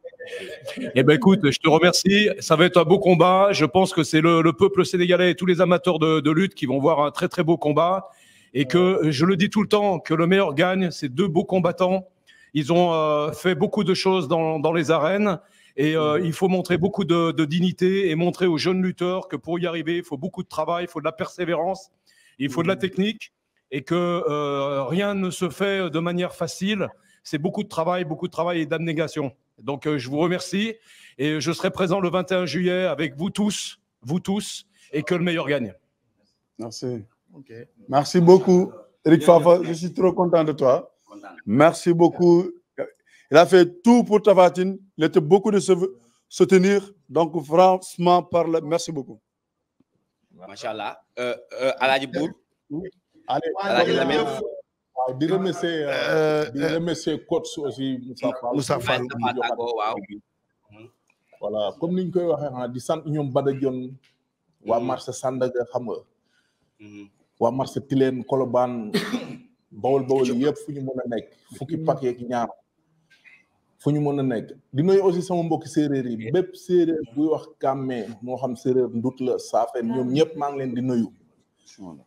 <laughs> Eh ben écoute, je te remercie. Ça va être un beau combat. Je pense que c'est le, le, peuple sénégalais et tous les amateurs de, de, lutte qui vont voir un très très beau combat. Et que je le dis tout le temps, que le meilleur gagne. C'est deux beaux combattants. Ils ont euh, fait beaucoup de choses dans, les arènes. Et euh, mhm. il faut montrer beaucoup de, de, dignité et montrer aux jeunes lutteurs que pour y arriver, il faut beaucoup de travail, il faut de la persévérance, mhm. technique et que euh, rien c'est beaucoup de travail, beaucoup de travail et d'abnégation. Donc euh, je vous remercie et je serai présent le 21 juillet avec vous tous, vous tous, et que le meilleur gagne. Merci. beaucoup, Eric Favre. Je suis trop content de toi. Merci beaucoup. Il a fait tout pour Tavatine. Il était beaucoup de soutenir. Donc, franchement, parle. Merci beaucoup. Machallah. Euh, euh, waaw di remercier euh, euh, euh, di remercier coach aussi Moussa Fall Moussa Fall mhm. voilà comme niñ koy waxee ah di sant ñoom Bada Dione waa mhm. marché Sandaga xam nga mhm. waa marché Tilène Colobane <coughs> bawol bawol yëpp fu ñu mën a nekk fukki pak yeeg ñaar fu ñu mën a nekk di nuyu aussi sama mbokki séeréer yi bépp séeréer buy wax kàmmee moo xam séeréer ndut la saafen ñoom ñëpp maa ngi leen di nuyu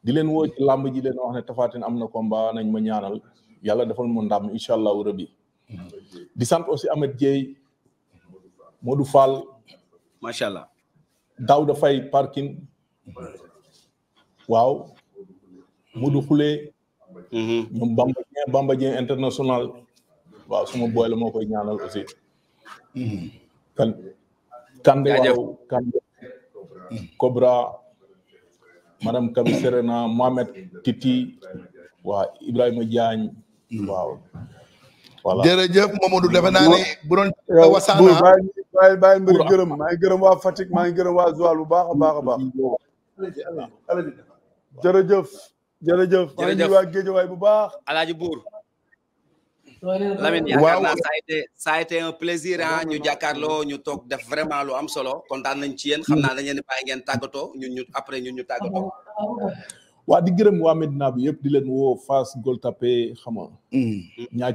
di leen woo ci làmb ji leen wax ne Tapha Tine am na combat nañ ma ñaanal yàlla defal mu ndam incha allahu rabi. di sant aussi Amath Dieye Modou Fall. macha allah. Daouda Faye parking. waaw. Modou Khoule. Mm-hmm. ñoom Bamba Dieng international. waaw suma boy la moo koy ñaanal aussi. Mm-hmm. Kande waaw Kande. madame Kabi Serena Mohamed Titi waaw Ibrahima Diagne waaw voilà jërëjëf Mamadou defe naa ne bu doon wasaana bàyyi bàyyi mbir gërëm maa ngi gërëm waa Fatick maa ngi gërëm waa Joal bu baax a baax a baax jërëjëf bu baax alaaji buur Lamine yaakaar naa ça a a été un plaisir ah, ñu jàkkaarloo ñu toog def vraiment lu am solo kontaan nañ ci yéen xam naa dañu leen di ngeen tàggatoo ñun ñu après ñun ñu tàggatoo. waa di gërëm waa Medina bi yëpp di leen woo Fass Gueule Tapée xam nga. Mm.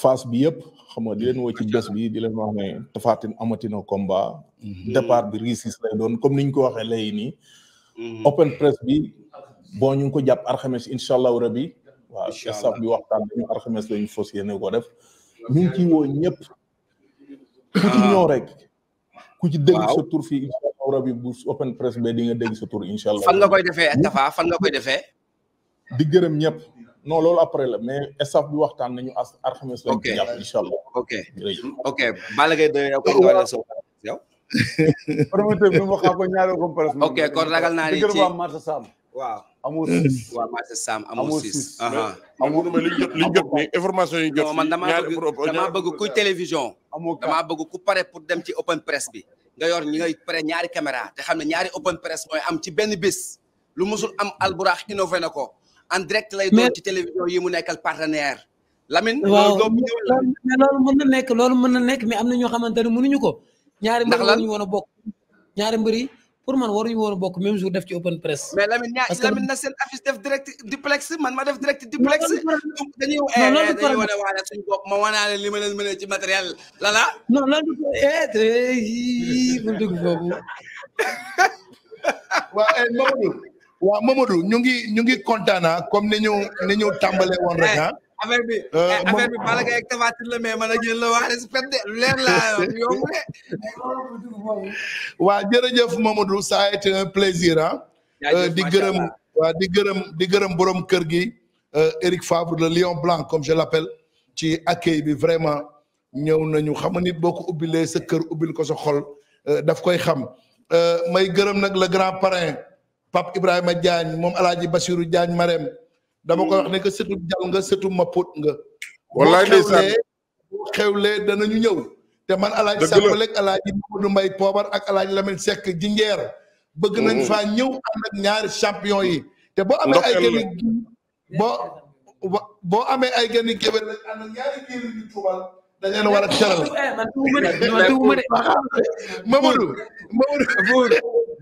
Fass bi yëpp xam nga di leen woo ci bés bi di leen wax ne Tapha Tine amatina combat. Mm-hmm. départ bi réussite doon comme ni ñu ko waxee léegi nii. Mm-hmm. open press bi bon ñu ngi ko jàpp alxames incha allahu rabi. waaw staff bi waxtaan dañu alxames lañu fas ko def ñu ngi ciy woo ku ci ah. ñëw rek ku ci dégg sa tur fii incha allah rabi bu open press be di nga dégg sa tur incha allah koy defee Tafa fan nga koy defee di gërëm ñëpp non loolu après la mais staff bi waxtaan nañu as alxames lañu ko jàpp incha allah ok ok Balla Gaye doy yow kon doole so yow <laughs> promoteur bi press ok kon ragal naa ni ci marché waaw amul six waaw maa si Sam amul six amul mais li ñu jot li jot ni information yi jot man damaa bëgg bëgg kuy télévision damaa bëgg ku pare pour dem ci open press bi nga yor ñi ngay pare ñaari caméra te xam ne ñaari open press mooy am ci benn bés lu musul am alburax innové na ko en direct lay doon ci télévision yi mu nekkal partenaire Lamine waaw mais loolu mën na nekk loolu mën na nekk mais am na ñoo xamante ne mënuñu ko ñaari mbër ñu woon a bokk ñaari mbër yi pour man waruñu woon bokk même jour def ci open press. mais Lamine ñaa Lamine na seen affiche def direct duplex man ma def direct duplex. dañuy eh, dañuy dañuy wane waale suñu bopp ma wanaale li ma leen mën a ci matériel lala. non loolu du ko eh, dugg foofu. waaw eh, Mamadou waaw Mamadou ñu ngi ñu ngi kontaan ah, comme ni ñu ni ñu tàmbalee woon rek ah. affaire bi euh, eh, affaire bi Balla Gaye la mais man ak yéen la waa jërëjëf Mamadou ça a plaisir ah. di gërëm waa di gërëm di gërëm borom kër gi. Euh, Éric Favre le lion blanc comme je l'appelle ci accueil bi vraiment ñëw nañu xam nga nit boo ko ubbilee sa kër ubbil ko sa xol daf koy xam may gërëm nag le grand parrain Pape Ibrahima Diagne moom El Hadj basiru Diagne Marème. dama ko wax ne que sëtu jal nga sëtu mapot nga. wallaay ndeysaan boo xewlee danañu ñëw. te man alaaji Sàmbale ak alaaji Mamadou Mbaye Poobar ak alaaji Lamine Seck jinjeer bëgg nañ mm-hmm. fa ñëw ànd ak ñaari champion yi. te boo amee ay gën boo boo amee ay gën yu géwél ak ànd ak ñaari géer yu tuubal <laughs> Mamadou Mamadou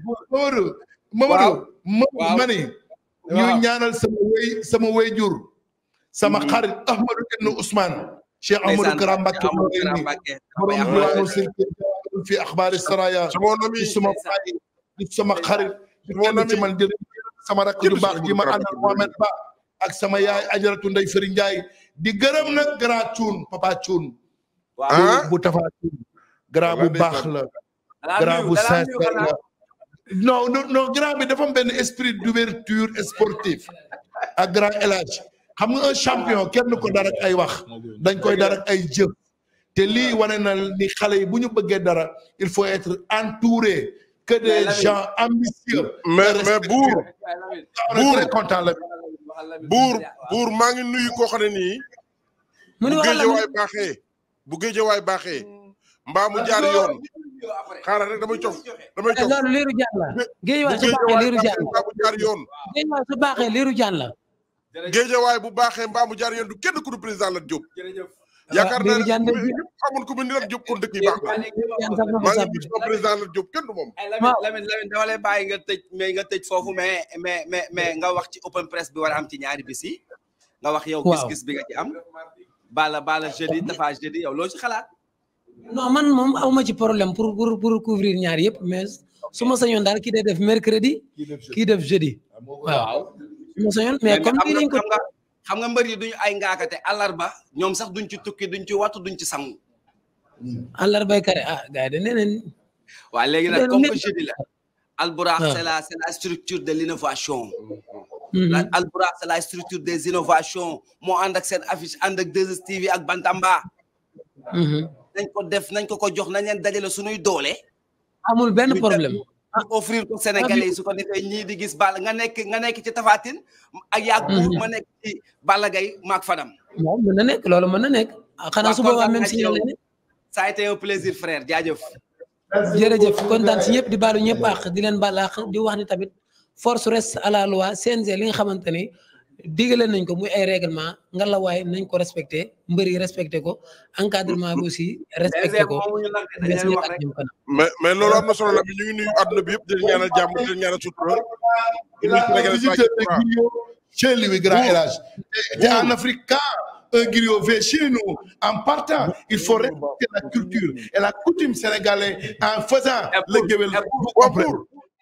Mamadou Mamadou Mamadou ñuy ñaanal sama way sama wayjur sama mm-hmm. xarit Ahmadou ibn Ousmane Cheikh Ahmadou Kara Mbacké mo ni borom diwaanu sama fayi di sama xarit di kenn sama rakk ju baax ji ma àndal Mohamed ak sama yaay ajaratu Ndey Fëri Njaay di gërëm nag grand cuun papa cuun bu tafa cuun grand non non non grand bi dafa am benn esprit d'ouverture sportive ak grand élage xam nga champion kenn ko dara ay wax dañ koy dara ay jëf te lii wane na ni xale yi bu ñu bëggee dara il faut être entouré que des gens ambitieux. mais mais buur buur très content la. buur buur maa ngi nuyu koo xam ne nii. bu géejewaay baaxee bu géejewaay baaxee mbaa mu jaar yoon. xaaral rek damay coow damay coow eh, loolu liiru jaan la géejawaay su baaxee bu jaar yoon géejawaay baaxee liiru bu baaxee mbaa mu jaar yoon du kenn du président la Diop yaakaar naa ne xamul ku mu ni la Diop kon dëkk yi baax na maa ngi gis kenn du moom eh, Lamine Lamine dama nga tëj mais nga tëj foofu mm. mais mais mais mais nga wax ci open press bi war am ci ñaari bis yi nga wax yow gis-gis bi nga ci am bala bala jeudi dafa jeudi yow loo ci xalaat non man moom awma ci problème pour pour pour couvrir ñaar yëpp mais su ma sañoon daal kii day def mercredi kii def jeudi ah, waaw su ma mais comme kii dañ ko xam nga mbër yi duñu ay ngaakate àllarba ñoom sax duñ ci tukki duñ ci wattu duñ ci sangu hmm. àllarbay kare ah gars yi de nee nañ waaw léegi nag comme que jeudi la Alburax ah. c'est la structure de l'innovation hmm. la Alburax c'est la structure des innovations moo ànd ak seen affiche ànd ak 2 ak Bantamba hmm. nañ ko def nañ ko ko jox nañ leen dajale suñuy doole. amul benn problème. offrir ko Sénégalais yi su ko defee ñii di gis Balla nga nekk nga nekk ci Tafatine. ak yàgg mhm. ma nekk ci Balla Gaye maak Fadam. moom mën na nekk loolu mën na nekk. xanaa su boobaa même si ñoom la te a été un plaisir frère jaajëf. jërëjëf kontaan si ñëpp di baalu ñëpp àq di leen baal di wax ni tamit force reste à la loi CNG li nga xamante ni. digale nañ ko muy ay réglement nga la waaye nañ ko respecté mbër yi respecté ko encadrement bi aussi. respecté ko mais loolu am solo la ñu ngi nuyu àdduna bi yëpp di leen ñaanal jàmm di leen ñaanal sutura. di grand élage. te en Afrique quand un griot vient en partant il faut respecter la culture et la coutume sénégalaise en faisant le géwél. pour